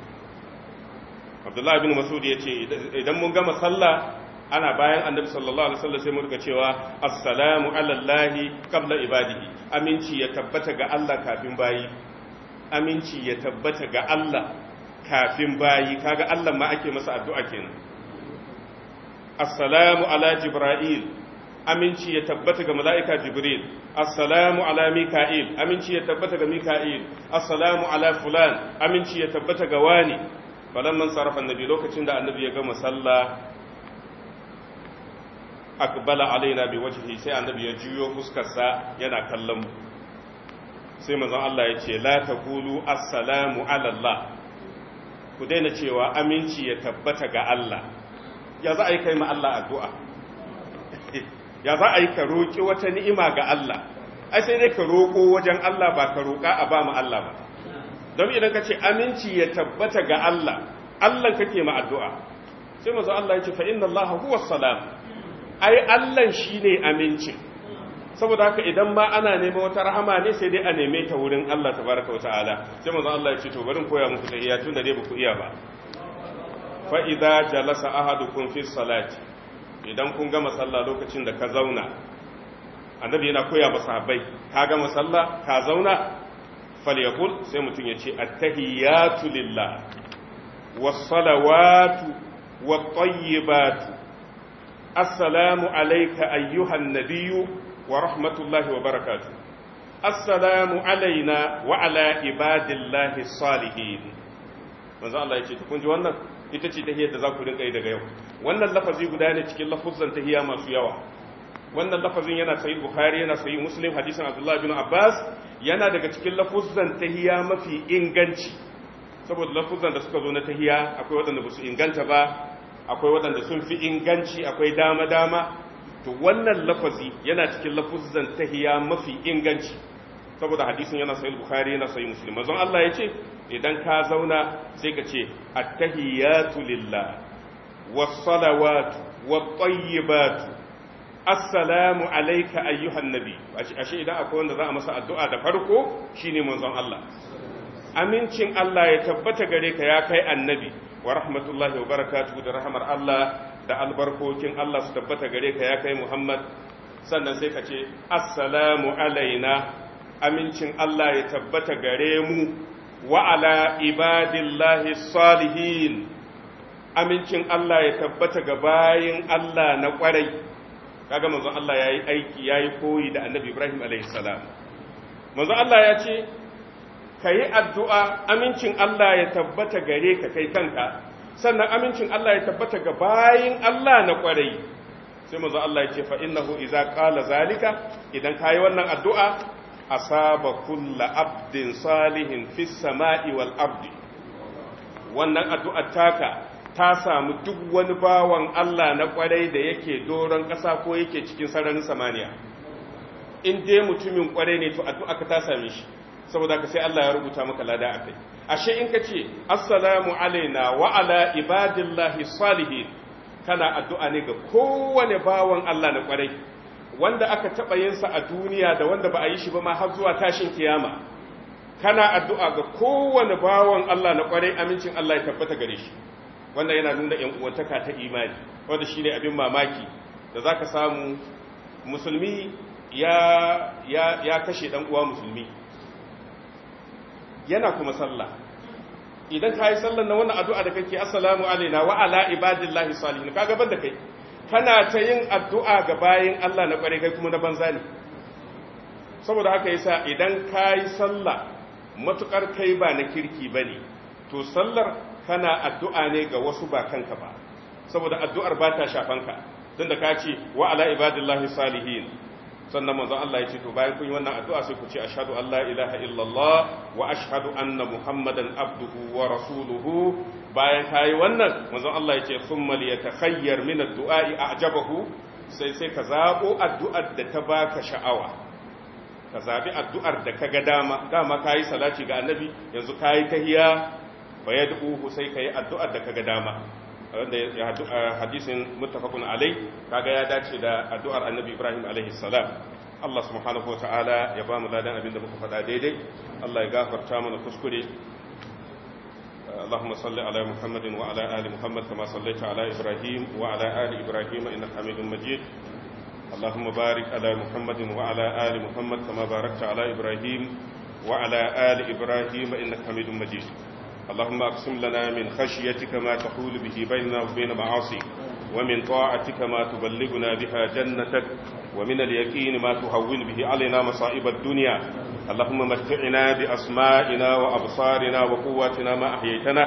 Abdullah ibn Mas'ud yace idan mun gama sallah ana bayan annabi sallallahu alaihi wasallam sai mun rika cewa assalamu ala allahi qabla ibadihi aminci ya tabbata ga Allah kafin bayi aminci ya tabbata ga Allah kafin bayi kaga Allah ma ake masa addu'a kenan assalamu ala jibril aminci ya tabbata ga mala'ika jibril assalamu ala mika'il aminci ya tabbata ga mika'il assalamu ala fulan aminci ya tabbata ga wani falamman sarrafa annabi lokacin da annabi ya gama sallah akbala alaina bi wajhi sai annabi ya juyo fuskarsa yana kallon mu sai mazan Allah ya ce la taqulu assalamu alallah ku daina cewa aminci ya tabbata ga Allah ya za a yi kai ma Allah addu'a ya za a yi ka roƙi wata ni'ima ga Allah ai sai dai ka roƙo wajen Allah ba ka roƙa a ba mu Allah ba don idan ka ce aminci ya tabbata ga Allah Allah kake ma addu'a sai mazan Allah ya ce fa’in inna Allah huwa salam ai Allah ne amincin saboda haka idan ma ana neman wata rahama ne sai dai a neme ta wurin Allah Ta tabaraka wata'ala sai manzo Allah ya ce to barin koya muku tahiyya tun da dai ba ku iya ba fa idza jalasa ahadukum fi salati idan kun gama sallah lokacin da ka zauna annabi yana koya ba sahabbai ka gama sallah ka zauna falyakul sai mutum ya ce attahiyatu lillah wassalawatu wattayyibatu assalamu alayka ayyuhan nabiyyu wa rahmatullahi wa barakatu assalamu alaina wa ala ibadillahi salihin manzo Allah ya ce kun ji wannan ita ce tahiyar da za ku rinka yi daga yau wannan lafazi guda ne cikin lafuzan tahiya masu yawa wannan lafazin yana sayi bukhari yana sayi muslim hadisin abdullah bin abbas yana daga cikin lafuzan tahiya mafi inganci saboda lafuzan da suka zo na tahiya akwai waɗanda ba su inganta ba akwai waɗanda sun fi inganci akwai dama dama to wannan lafazi yana cikin lafuzan tahiya mafi inganci saboda hadisin yana sahih bukhari yana sahih muslim manzon Allah yace idan ka zauna sai ka ce attahiyatu lillah was-salawatu wat-tayyibatu assalamu alayka ayyuhan nabi ashe idan akwai wanda za a masa addu'a da farko shine manzon Allah amincin Allah ya tabbata gare ka ya kai annabi wa rahmatullahi wa barakatuhu da rahmar Allah da albarkokin Allah su tabbata gare ka ya kai Muhammad sannan sai ka ce assalamu alaina amincin Allah ya tabbata gare mu wa ala ibadillahi salihin amincin Allah ya tabbata ga bayin Allah na kwarai kaga manzo Allah yayi aiki yayi koyi da Annabi Ibrahim alaihi salam manzo Allah ya ce kayi addu'a amincin Allah ya tabbata gare ka kai kanka sannan amincin Allah ya tabbata ga bayin Allah na kwarai sai manzo Allah ya ce fa innahu idza ƙala zalika idan ka yi wannan addu'a a saba kulla abdin salihin fis ma'iwal wal wannan addu'a taka ta samu duk wani bawan Allah na kwarai da yake doron ƙasa ko yake cikin sararin samaniya in dai mutumin kwarai ne to addu'a ka ta same shi saboda ka sai Allah ya rubuta maka lada akai ashe in kace assalamu alaina wa ala ibadillahi salihin kana addu'a ne ga kowane bawan Allah na kwarai wanda aka taba yin sa a duniya da wanda ba a yi shi ba ma har zuwa tashin kiyama kana addu'a ga kowane bawan Allah na kwarai amincin Allah ya tabbata gare shi Wanda yana nuna yan uwantaka ta imani wanda shine abin mamaki da zaka samu musulmi ya ya ya kashe dan uwa musulmi yana kuma sallah idan ka yi sallah na wannan addu'a da kake assalamu alaina wa ala ibadillahi salihin ka gaban da kai kana ta yin addu'a ga bayan Allah na kware kai kuma na banza ne saboda haka yasa idan ka yi sallah matukar kai ba na kirki ba ne to sallar kana addu'a ne ga wasu ba kanka ba saboda addu'ar ba ta shafanka tun da ka ce wa ala ibadillahi salihin sannan manzon Allah ya ce to bayan kun yi wannan addu'a sai ku ce ashhadu an la ilaha illallah wa ashhadu anna muhammadan abduhu wa rasuluhu bayan kayi wannan manzon Allah ya ce thumma liyatakhayyar min ad-du'a'i a'jabahu sai sai ka zabo addu'ar da ta baka sha'awa ka zabi addu'ar da ka ga dama dama kayi salati ga annabi yanzu kayi tahiya fa yad'uhu sai yi addu'ar da ka ga dama wanda ya eh, hadisin muttafaqun alai kaga ya dace da addu'ar annabi ibrahim alaihi salam Allah subhanahu wataala ya ba mu ladan abin da muka faɗa daidai Allah ya gafarta mana kuskure اللهم صل على محمد وعلى آل محمد كما صليت على إبراهيم وعلى آل إبراهيم إنك حميد مجيد اللهم بارك على محمد وعلى آل محمد كما باركت على إبراهيم وعلى آل إبراهيم إنك حميد مجيد اللهم اقسم لنا من خشيتك ما تحول به بيننا وبين معاصيك ومن طاعتك ما تبلغنا بها جنتك ومن اليقين ما تهون به علينا مصائب الدنيا اللهم متعنا بأسمائنا وأبصارنا وقواتنا ما أحييتنا